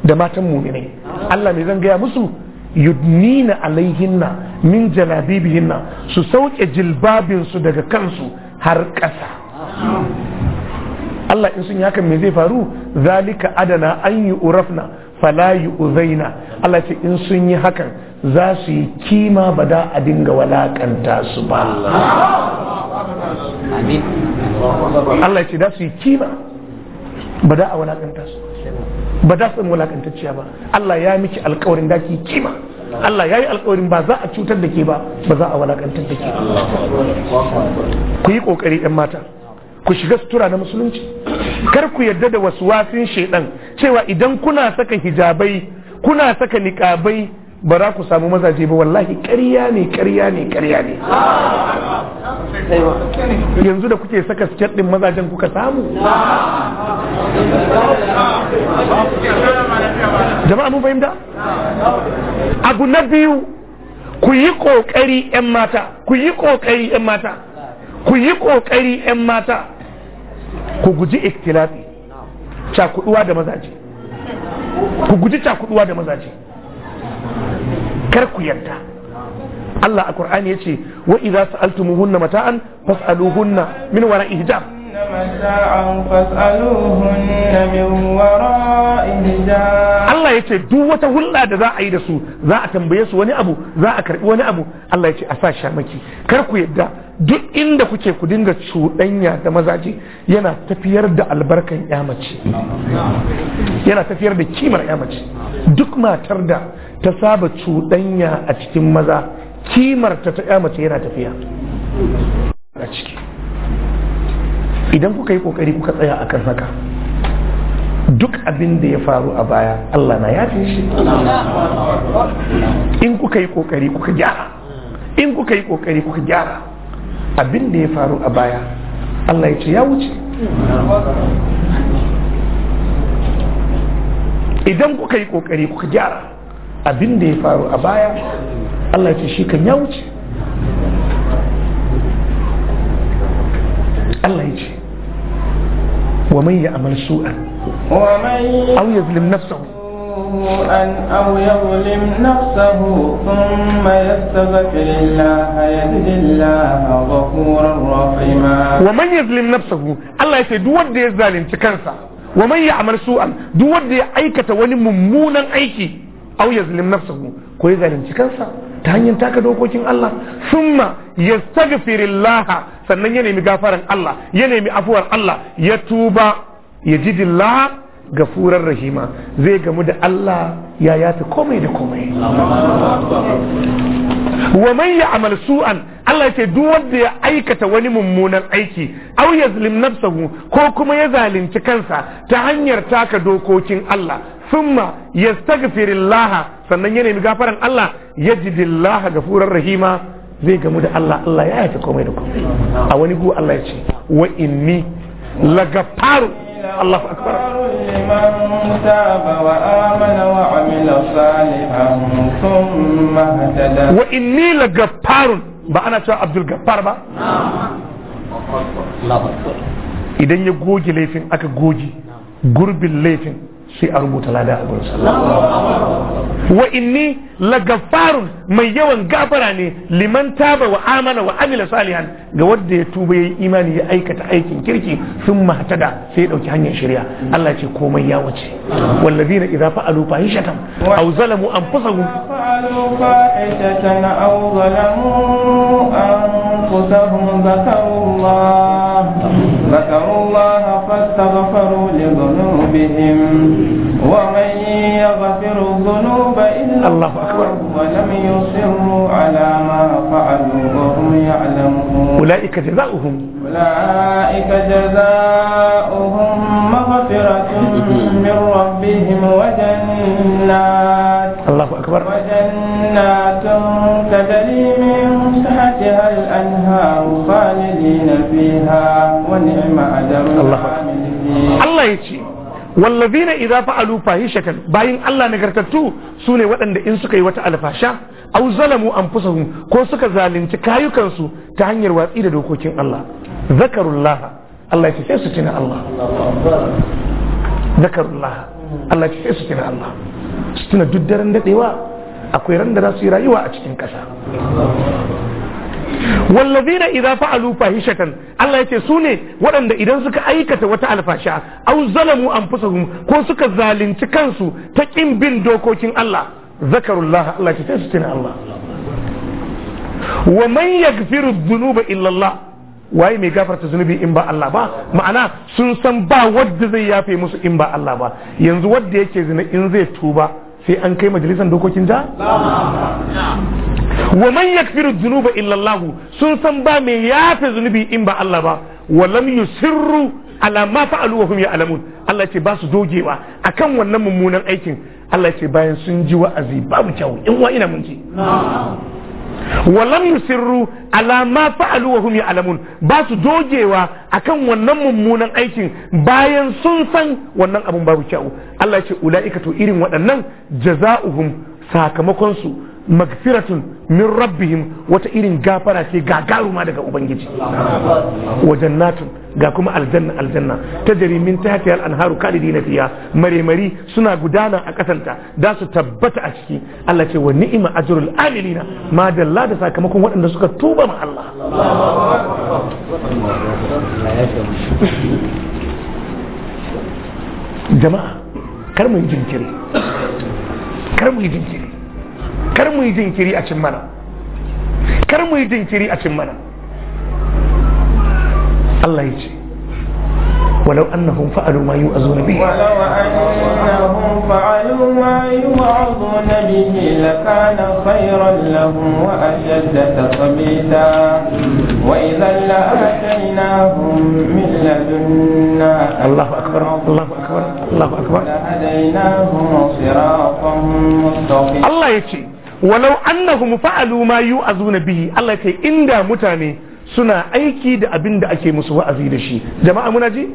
Speaker 1: da matan mu'minai Allah mai zan gaya musu yudnina alaihinna min jalabibihinna su sauke jilbabinsu daga kansu har ƙasa Allah in sun yi hakan me zai faru zalika adana an yi urafna fala yi uzaina Allah ce in sun yi hakan za su yi kima ba da a dinga walakanta su ba Allah ce za su yi kima ba da a wulakanta su ba da su wulakantacciya ba Allah ya miki alkawarin da ke kima Allah ya yi alkawarin ba za a cutar da ke ba ba za a wulakantar da ke ku yi kokari yan mata ku shiga sutura na musulunci kar ku yarda da wasu wasin shedan cewa idan kuna saka hijabai kuna saka niƙabai ba za ku samu mazaje ba wallahi ƙarya ne ƙarya ne ƙarya ne yanzu da kuke saka siket din mazajen kuka samu jama'a mun fahimta abu na biyu ku yi ƙoƙari 'yan mata ku yi ƙoƙari 'yan mata ku yi ƙoƙari 'yan mata ku guji ikhtilafi cakuduwa da mazaje ku guji cakuduwa da mazaje kar ku yarda Allah a Qur'ani yace wa idza sa'altumuhunna mata'an fas'aluhunna min wara'i hijab Allah ya ce duk wata hulɗa da za a yi da su za a tambaye su wani abu za a karɓi wani abu Allah ya ce a sa shamaki kar ku yadda duk inda kuke ku dinga cuɗanya da mazaje yana tafiyar da albarkan yamace yana tafiyar da kimar yamace duk matar da ta saba cuɗanya a cikin maza kimar ta ta yamace yana tafiya a ciki idan kuka yi kokari kuka tsaya kan haka duk abin da ya faru a baya Allah na fi shi in kuka yi kokari kuka gyara in kuka yi kokari kuka gyara abin da ya faru a baya Allah ya ce ya wuce idan kuka yi kokari kuka gyara abin da ya faru a baya Allah ya ce shi kan ya wuce ومن يعمل سوءا
Speaker 3: أو يظلم نفسه أن أو يظلم نفسه ثم يستغفر الله يجد الله غفورا رحيما
Speaker 1: ومن يظلم نفسه الله يسيدو ود يظلم تكنسا ومن يعمل سوءا دو ودي أيكة يأيكة ونممونا أيكي aw yazlim nafsuhu ko ya zalunci kansa ta hanyar taka dokokin Allah summa yastaghfirullah sannan ya nemi gafaran Allah ya nemi afuwar Allah ya tuba ya ga gafurar rahima zai gamu da Allah ya yata komai da komai wa man ya'mal su'an Allah ya ce duk wanda ya aikata wani mummunan aiki aw yazlim nafsuhu ko kuma ya zalunci kansa ta hanyar taka dokokin Allah thumma yastaghfirillaha sannan ya nemi gafaran Allah yajidillaha gafurar rahima zai gamu da Allah Allah ya yafi komai da komai a wani gu Allah ya ce wa inni lagafaru Allahu akbar wa inni ba ana cewa Abdul Gaffar ba idan ya goge laifin aka goge gurbin laifin sai a rubuta lada a gurin wa inni la gaffarun mai yawan gafara ne liman taba wa amana wa amila salihan ga wanda ya tuba yayi imani ya aikata aikin kirki sun mahtada sai ya dauki hanyar shari'a Allah ce komai ya wuce wallazina idza fa'alu fahishatan aw zalamu anfusahum fa'alu fahishatan aw zalamu anfusahum
Speaker 3: zakaru Allah zakaru Allah fastaghfaru li dhunubihim بهم ومن يغفر الذنوب إلا الله أكبر ولم يصروا على ما فعلوا وهم يعلمون
Speaker 1: أولئك جزاؤهم
Speaker 3: أولئك جزاؤهم مغفرة من ربهم وجنات الله أكبر وجنات تجري من تحتها الأنهار خالدين فيها ونعم أجر الله الله
Speaker 1: يجزيك wallazina idza fa'alu fahishatan bayin Allah nagartattu sune waɗanda in suka yi wata alfasha aw zalamu anfusahum ko suka zalunci kayukansu ta hanyar watsi da dokokin Allah zakarullah Allah ya sai su tuna Allah zakarullah Allah ya sai su tuna Allah su tuna duk daren dadewa akwai ran da za su yi rayuwa a cikin ƙasa wallazina idza fa'alu fahishatan Allah yace su ne waɗanda idan suka aikata wata alfasha aw zalamu anfusahum ko suka zalunci kansu ta kin bin dokokin Allah zakarullah Allah ta su tuna Allah wa man yaghfiru dhunuba illa Allah waye mai gafarta zunubi in ba Allah ba ma'ana sun san ba wadda zai yafe musu in ba Allah ba yanzu wadda yake zina in zai tuba sai an kai majalisar dokokin ja wa man yakfiru dhunuba illa Allah sun san ba mai yafe zunubi in ba Allah ba wa lam yusirru ala ma fa'alu wa hum ya'lamun Allah ce ba su dogewa akan wannan mummunan aikin Allah ce bayan sun ji wa'azi babu kyau in wa ina mun ji wa lam yusirru ala ma fa'alu wa hum ya'lamun ba su dogewa akan wannan mummunan aikin bayan sun san wannan abun babu kyau Allah ce ulaika to irin waɗannan jaza'uhum sakamakon su magfiratun min rabbihim wata irin gafara ce garuma daga ubangiji wa jannatun ga kuma aljanna aljanna ta jari min tahtiha al-anharu khalidina fiha maremari suna gudana a kasanta da su tabbata a ciki Allah ce wa ni'ima ajrul amilina ma dalla da sakamakon waɗanda suka tuba ma Allah jama'a kar mu yi jinkiri kar mu yi jinkiri kar mu yi jinkiri a cin mana kar mu yi jinkiri a cin mana Allah ya ce ولو أنهم فعلوا ما يوعظون به ولو
Speaker 3: أنهم فعلوا ما يوعظون به لكان خيرا لهم وأشد تثبيتا وإذا لآتيناهم من لدنا الله أكبر الله أكبر
Speaker 1: الله أكبر لهديناهم صراطا مستقيما الله يجزي walau annahum fa'alu ma yu'azuna bihi Allah ce inda mutane suna aiki da abin da ake musu wa'azi da shi jama'a muna ji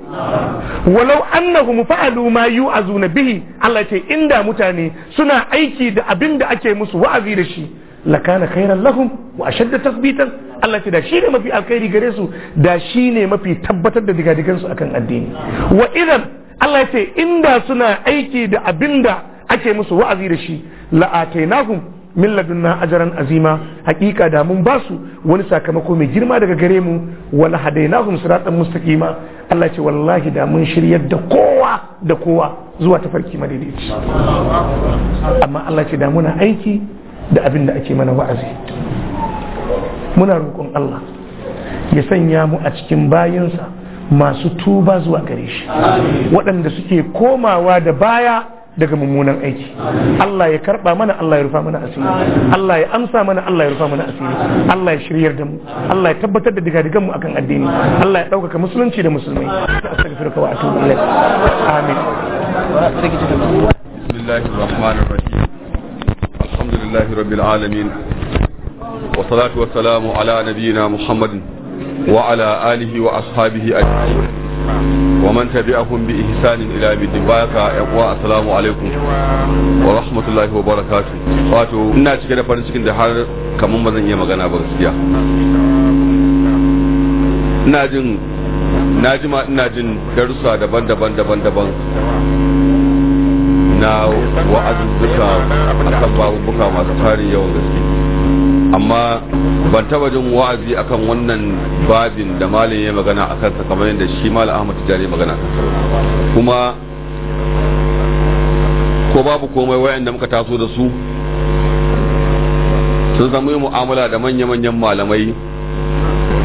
Speaker 1: walau annahum fa'alu ma yu'azuna bihi Allah ce inda mutane suna aiki da abin da ake musu wa'azi da shi lakana khairan lahum wa ashadda tathbitan Allah ce da shi ne mafi alkhairi gare su da shi ne mafi tabbatar da digadigan su akan addini wa idan Allah ce inda suna aiki da abin da ake musu wa'azi da shi la'atainahum min ladunna ajran azima hakika da mun ba wani sakamako mai girma daga gare mu wala hadainahum siratan mustaqima Allah ce wallahi da mun shiryar da kowa da kowa zuwa tafarki madaidaici amma Allah ce da muna aiki da abin da ake mana wa'azi muna roƙon Allah ya sanya mu a cikin bayinsa masu tuba zuwa gare shi waɗanda suke komawa da baya daga mummunan aiki Allah ya karba mana Allah ya rufa mana asiri Allah ya amsa mana Allah ya rufa mana asiri Allah ya shiryar da mu Allah ya tabbatar da digadigan mu akan addini Allah ya ɗaukaka musulunci da musulmai astaghfiruka wa atubu ilayk amin
Speaker 2: bismillahir rahmanir rahim alhamdulillahi rabbil alamin wa wa salatu salamu ala nabiyyina muhammadin wa ala alihi wa ashabihi ajma'in wa man tabi'ahum bi ihsanin ila bidin baka ya kuwa assalamu alaikum wa rahmatullahi wa barakatuh wato ina cike da farin cikin da har kaman ba zan iya magana ba gaskiya ina jin na jima ina jin darussa daban-daban daban-daban na wa'azuzzuka akan babubuka masu tarin yawan gaske amma ban taba jin wa'azi akan wannan babin da malam ya magana a kansa kamar yadda shi malam ahmad tijjani magana
Speaker 3: kansa kuma
Speaker 2: ko babu komai wa'yan da muka taso da su sun zama yi mu'amala da manya-manyan malamai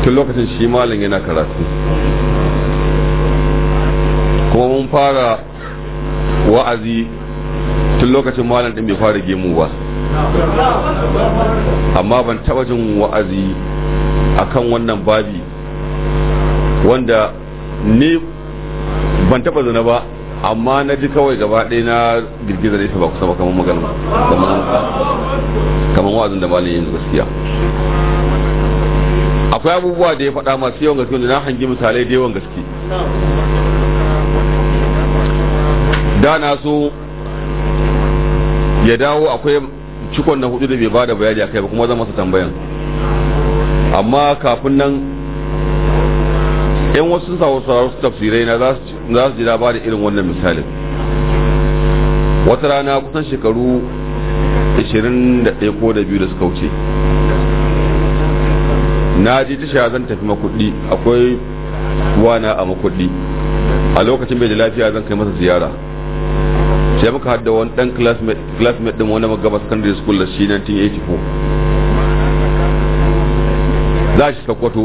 Speaker 2: tun lokacin shi malam yana karatu kuma mun fara wa'azi tun lokacin malam din bai fara gemu ba amma ban taba jin wa'azi akan wannan babi wanda ni ban taba zina ba amma na ji kawai gaba ɗaya na girgiza da ita ba kusa ba kamar magana kamar wa'azin da malin yanzu gaskiya akwai abubuwa da ya faɗa masu yawan gaske wanda na hangi misalai da yawan gaske da na so ya dawo akwai cikon na hudu da bai bada bayani a kai ba kuma zan masa tambayan amma kafin nan yan wasu sa wasu su tafsirai na za su ba da irin wannan misalin wata rana kusan shekaru 21 ko da biyu da suka wuce na ji tasha zan tafi makudi akwai wana a makudi a lokacin bai da lafiya zan kai masa ziyara sai muka hada wani dan classmate din wani magaba secondary school da shi 1984 za shi sakwato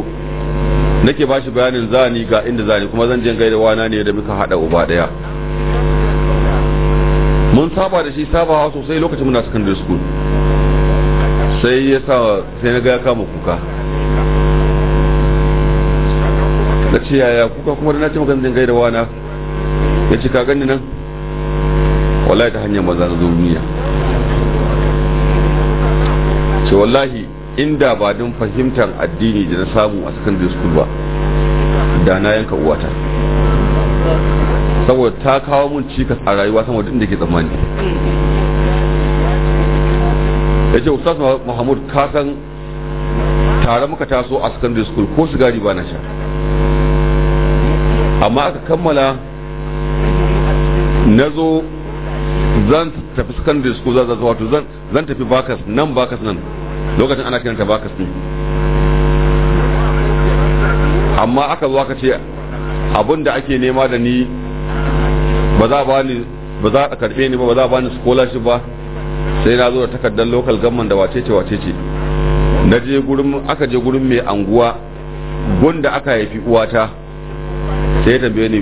Speaker 2: nake ba shi bayanin zani ga inda zani kuma zan je gaida wana ne da muka hada uba daya mun saba da shi sabawa sosai lokacin muna secondary school sai ya sa sai na ga ya kama kuka na ce yaya kuka kuma da na ce magan zan gaida wana ya ce ka gani nan wallahi ta hanyar maza zo duniya ce wallahi inda ba don fahimtar addini da na samu a secondary school ba da na yanka uwata saboda ta kawo mun cikas a rayuwa sama da ke tsammani ya ce ustaz mahamud ka san tare muka taso a secondary school ko sigari ba na sha amma aka kammala na zo zan tafi secondary school za zuwa wato zan zan tafi bakas nan bakas nan lokacin ana kiranta bakas din amma aka zo aka ce abin da ake nema da ni ba za ba ni ba za a karbe ni ba ba za a ni scholarship ba sai na zo da takardar local government da wacece wacece na je gurin aka je gurin mai anguwa gunda aka haifi uwata sai ya tambaye ni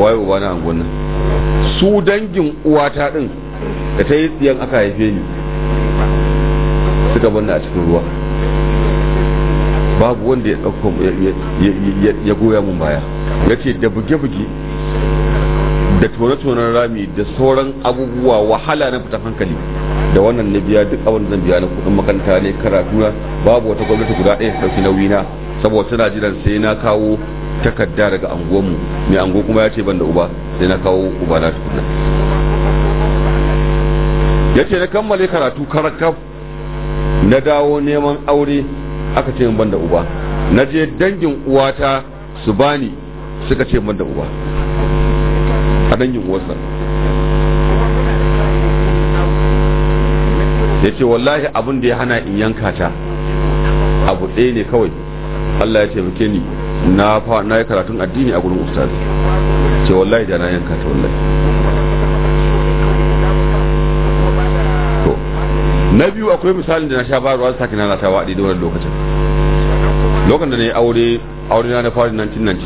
Speaker 2: waye uba na anguwan nan su dangin uwata din da ta yi tsiyan aka haife ni suka banna a cikin ruwa babu wanda ya ɗauko ya goya mun baya ya da buge-buge da tone-tonen rami da sauran abubuwa wahala na fita hankali da wannan na biya duk abin zan biya na kudin makaranta ne karatu babu wata gwamnati guda ɗaya ɗauki nauyi na saboda tana jiran sai na kawo takarda daga anguwanmu mai ango kuma ya ce ban da uba sai na kawo ubana tukuna ya ce na kammale karatu karakaf na dawo neman aure aka ce ban da uba na je dangin uwata su bani suka ce ban da uba a dangin uwarsa ya ce wallahi abin da ya hana in yanka ta abu ɗaya ne kawai Allah ya taimake ni na fa na yi karatun addini a gurin ustaz ce wallahi da na yanka ta wallahi to na biyu akwai misalin da na sha bayarwa sake na ta waɗi da wani lokacin lokacin da na yi aure aure na na fari 1992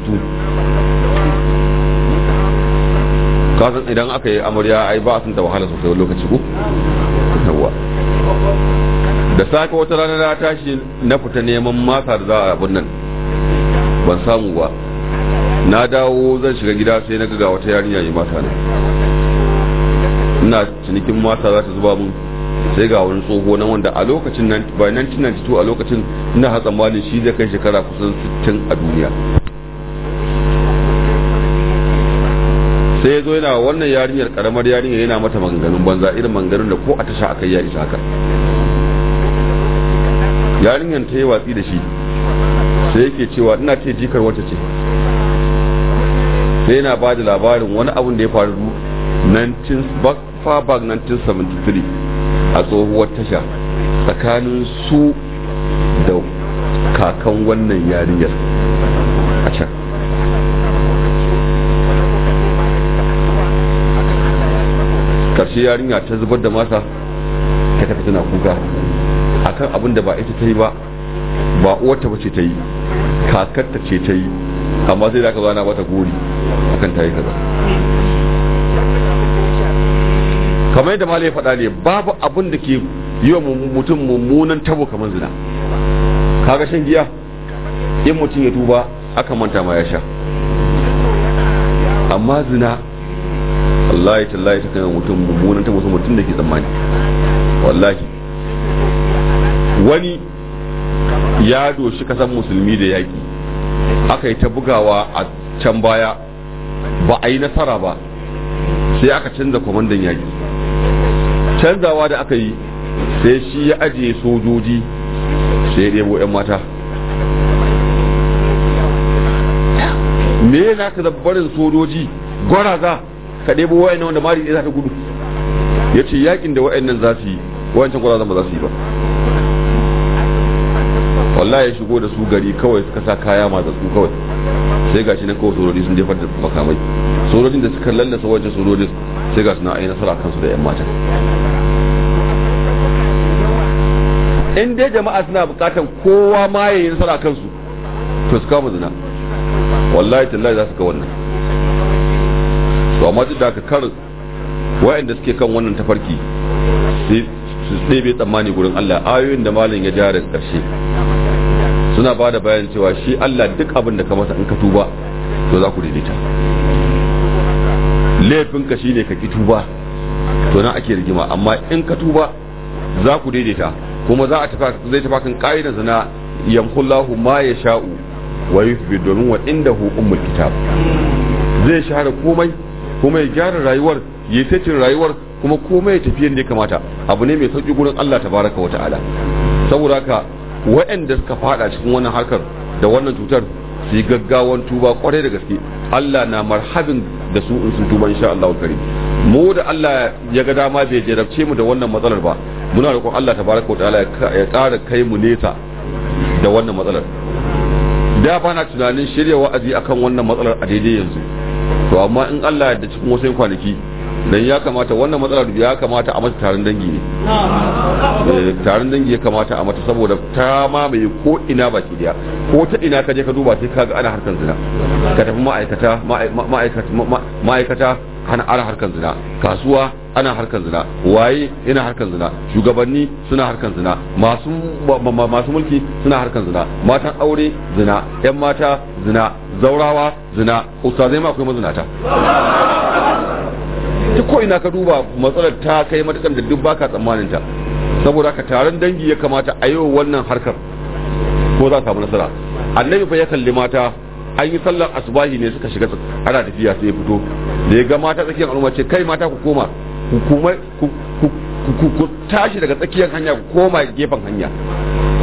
Speaker 2: kasan idan aka yi amarya ai ba a sun da wahala sosai wani lokaci ko da sake wata rana na tashi na fita neman masa da za a abin nan ban samu ba na dawo zan shiga gida sai na ga wata yarinya ya mata ne ina cinikin mata za ta zuba mun sai ga wani tsoho na wanda a lokacin nan by 1992 a lokacin ina hatsa malin shi zai kai shekara kusan 60 a duniya sai ya zo yana wannan yarinyar karamar yarinyar yana mata maganganun banza irin maganganun da ko a tasha akai ya isa haka yarinyar ta yi watsi da shi sai yake cewa ina ce jikar wata ce sai yana ba da labarin wani abun da ya faru 1973 a tsohuwar tasha tsakanin su da kakan wannan yarinyar a can karshe yarinya ta zubar da mata ta tafi tana kuka akan abin da ba ita ta yi ba ba uwarta bace ta yi kakarta ce ta yi amma sai da aka zana mata gori kan ta yi kaza kamar yadda malai faɗa ne babu abin da ke yi wa mutum mummunan tabo kamar zina kaga shan giya in mutum ya tuba aka manta ma ya sha amma zina wallahi tallahi ta kan mutum mummunan tabo mutum da ke tsammani wallahi wani ya doshi kasan musulmi da yaƙi aka yi ta bugawa a can baya ba a yi nasara ba sai aka canza kwamandan yaƙi canzawa da aka yi sai shi ya ajiye sojoji sai ya ɗebo 'yan mata me yana ka zabbarin sojoji gwaraza ka ɗebo wa'annan wanda mari ɗaya za ta gudu ya ce yaƙin da wa'annan za su yi wancan gwaraza ba za su yi ba wallahi ya shigo da su gari kawai suka sa kaya matsatsu kawai sai gashi nan kawai sojoji sun jefar da makamai sojojin da suka lallasa wajen sojoji sai gashi na ainihin nasara kansu da yan matan in dai jama'a suna bukatan kowa ma ya yi nasara kansu to su kama zina wallahi tallahi za su ga wannan to amma duk da ka kar wa'anda suke kan wannan tafarki su ɗebe tsammani gurin Allah ayoyin da malin ya jarin ƙarshe suna ba da bayan cewa shi Allah duk abin da ka masa in ka tuba to za ku daidaita ka shi ne ka ki tuba to nan ake rigima amma in ka tuba za ku daidaita kuma za a tafi zai tafi kan ka'idar zina yamkullahu ma ya sha'u wa yuthbi domin wa indahu ummul kitab zai share komai kuma ya gyara rayuwar ya tace rayuwar kuma komai ya tafi yadda ya kamata abu ne mai sauki gurin Allah tabaraka wa ta'ala saboda haka waɗanda suka fada cikin wannan harkar da wannan cutar su yi gaggawan tuba kwarai da gaske Allah na marhabin da su in sun tuba insha Allah kare mu da Allah ya ga dama bai jarabce mu da wannan matsalar ba muna roƙon Allah tabaraka wa ta'ala ya ƙara kai mu nesa da wannan matsalar da ba na tunanin shirya wa'azi akan wannan matsalar a daidai yanzu to amma in Allah ya da cikin wasu kwanaki dan ya kamata wannan matsalar ya kamata a mata taron dangi ne eh, taron dangi ya kamata a mata saboda ta mamaye ko ina baki daya ko ta ina ka je ka duba sai ga ana harkan zina ka tafi ma'aikata ma'aikata ana harkan zina kasuwa ana harkan zina waye ina harkan zina shugabanni suna harkan zina masu masu mulki suna harkan zina matan aure zina yan mata zina zaurawa zina ustazai ma akwai mazinata ta ko ina ka duba matsalar ta kai matakan da duk baka tsammanin ta saboda ka taron dangi ya kamata a yau wannan harkar ko za samu nasara annabi fa ya kalli mata an yi sallar asubahi ne suka shiga ana tafiya sai ya fito da ya ga mata tsakiyar al'umma ce kai mata ku koma ku tashi daga tsakiyar hanya ku koma gefen hanya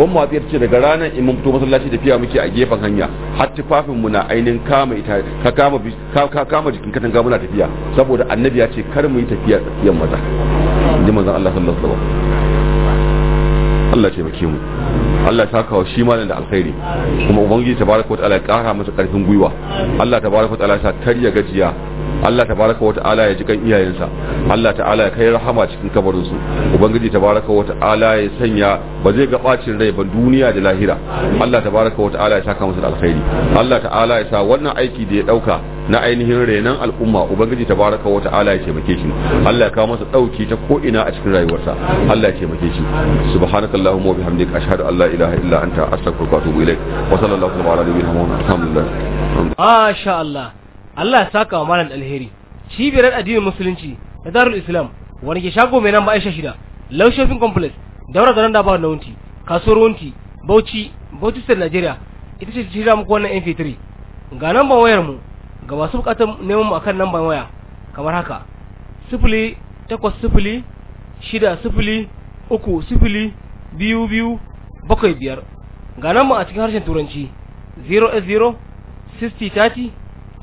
Speaker 2: umma watsi ta ce daga ranar in mun fito masallaci fiya muke a gefen hanya har tufafin mu na ainihin kama ita ka kama ka kama jikin katanga muna tafiya saboda annabi ya ce kar mu yi tafiya tsakiyar maza inji manzon Allah sallallahu alaihi wasallam Allah ya taimake mu Allah ta kawo shi malam da alkhairi kuma ubangiji tabaraka wa ta'ala ya kara masa karfin gwiwa Allah tabaraka wa ta'ala ya sa tarya gajiya Allah tabaraka wa ta'ala ya ji kan iyayensa Allah ta'ala ya kai rahama cikin kabarin su ubangiji tabaraka wa ta'ala ya sanya ba zai ga bacin rai ba duniya da lahira Allah tabaraka wa ta'ala ya saka musu da alkhairi Allah ta'ala ya sa wannan aiki da ya dauka na ainihin renan al'umma ubangiji tabaraka wa ta'ala ya taimake shi Allah ya kawo masa dauki ta ko ina a cikin rayuwarsa Allah ya taimake shi subhanakallahu wa bihamdika ashhadu an la ilaha illa anta astaghfiruka wa atubu ilaik wa sallallahu ala nabiyyina muhammad alhamdulillah
Speaker 3: masha Allah Allah ya saka wa malam alheri cibiyar addinin
Speaker 1: musulunci da darul islam wani ke shago mai nan ba aisha shida low shopping complex daura garin da ba da wunti kasuwar wunti bauchi bauchi state nigeria ita ce shirya muku wannan mp3 ga namban wayar mu ga masu bukatar neman mu akan namban waya kamar haka sifili takwas sifili shida sifili uku sifili biyu biyu bakwai biyar ga namban a cikin harshen turanci 0 0
Speaker 5: 60 30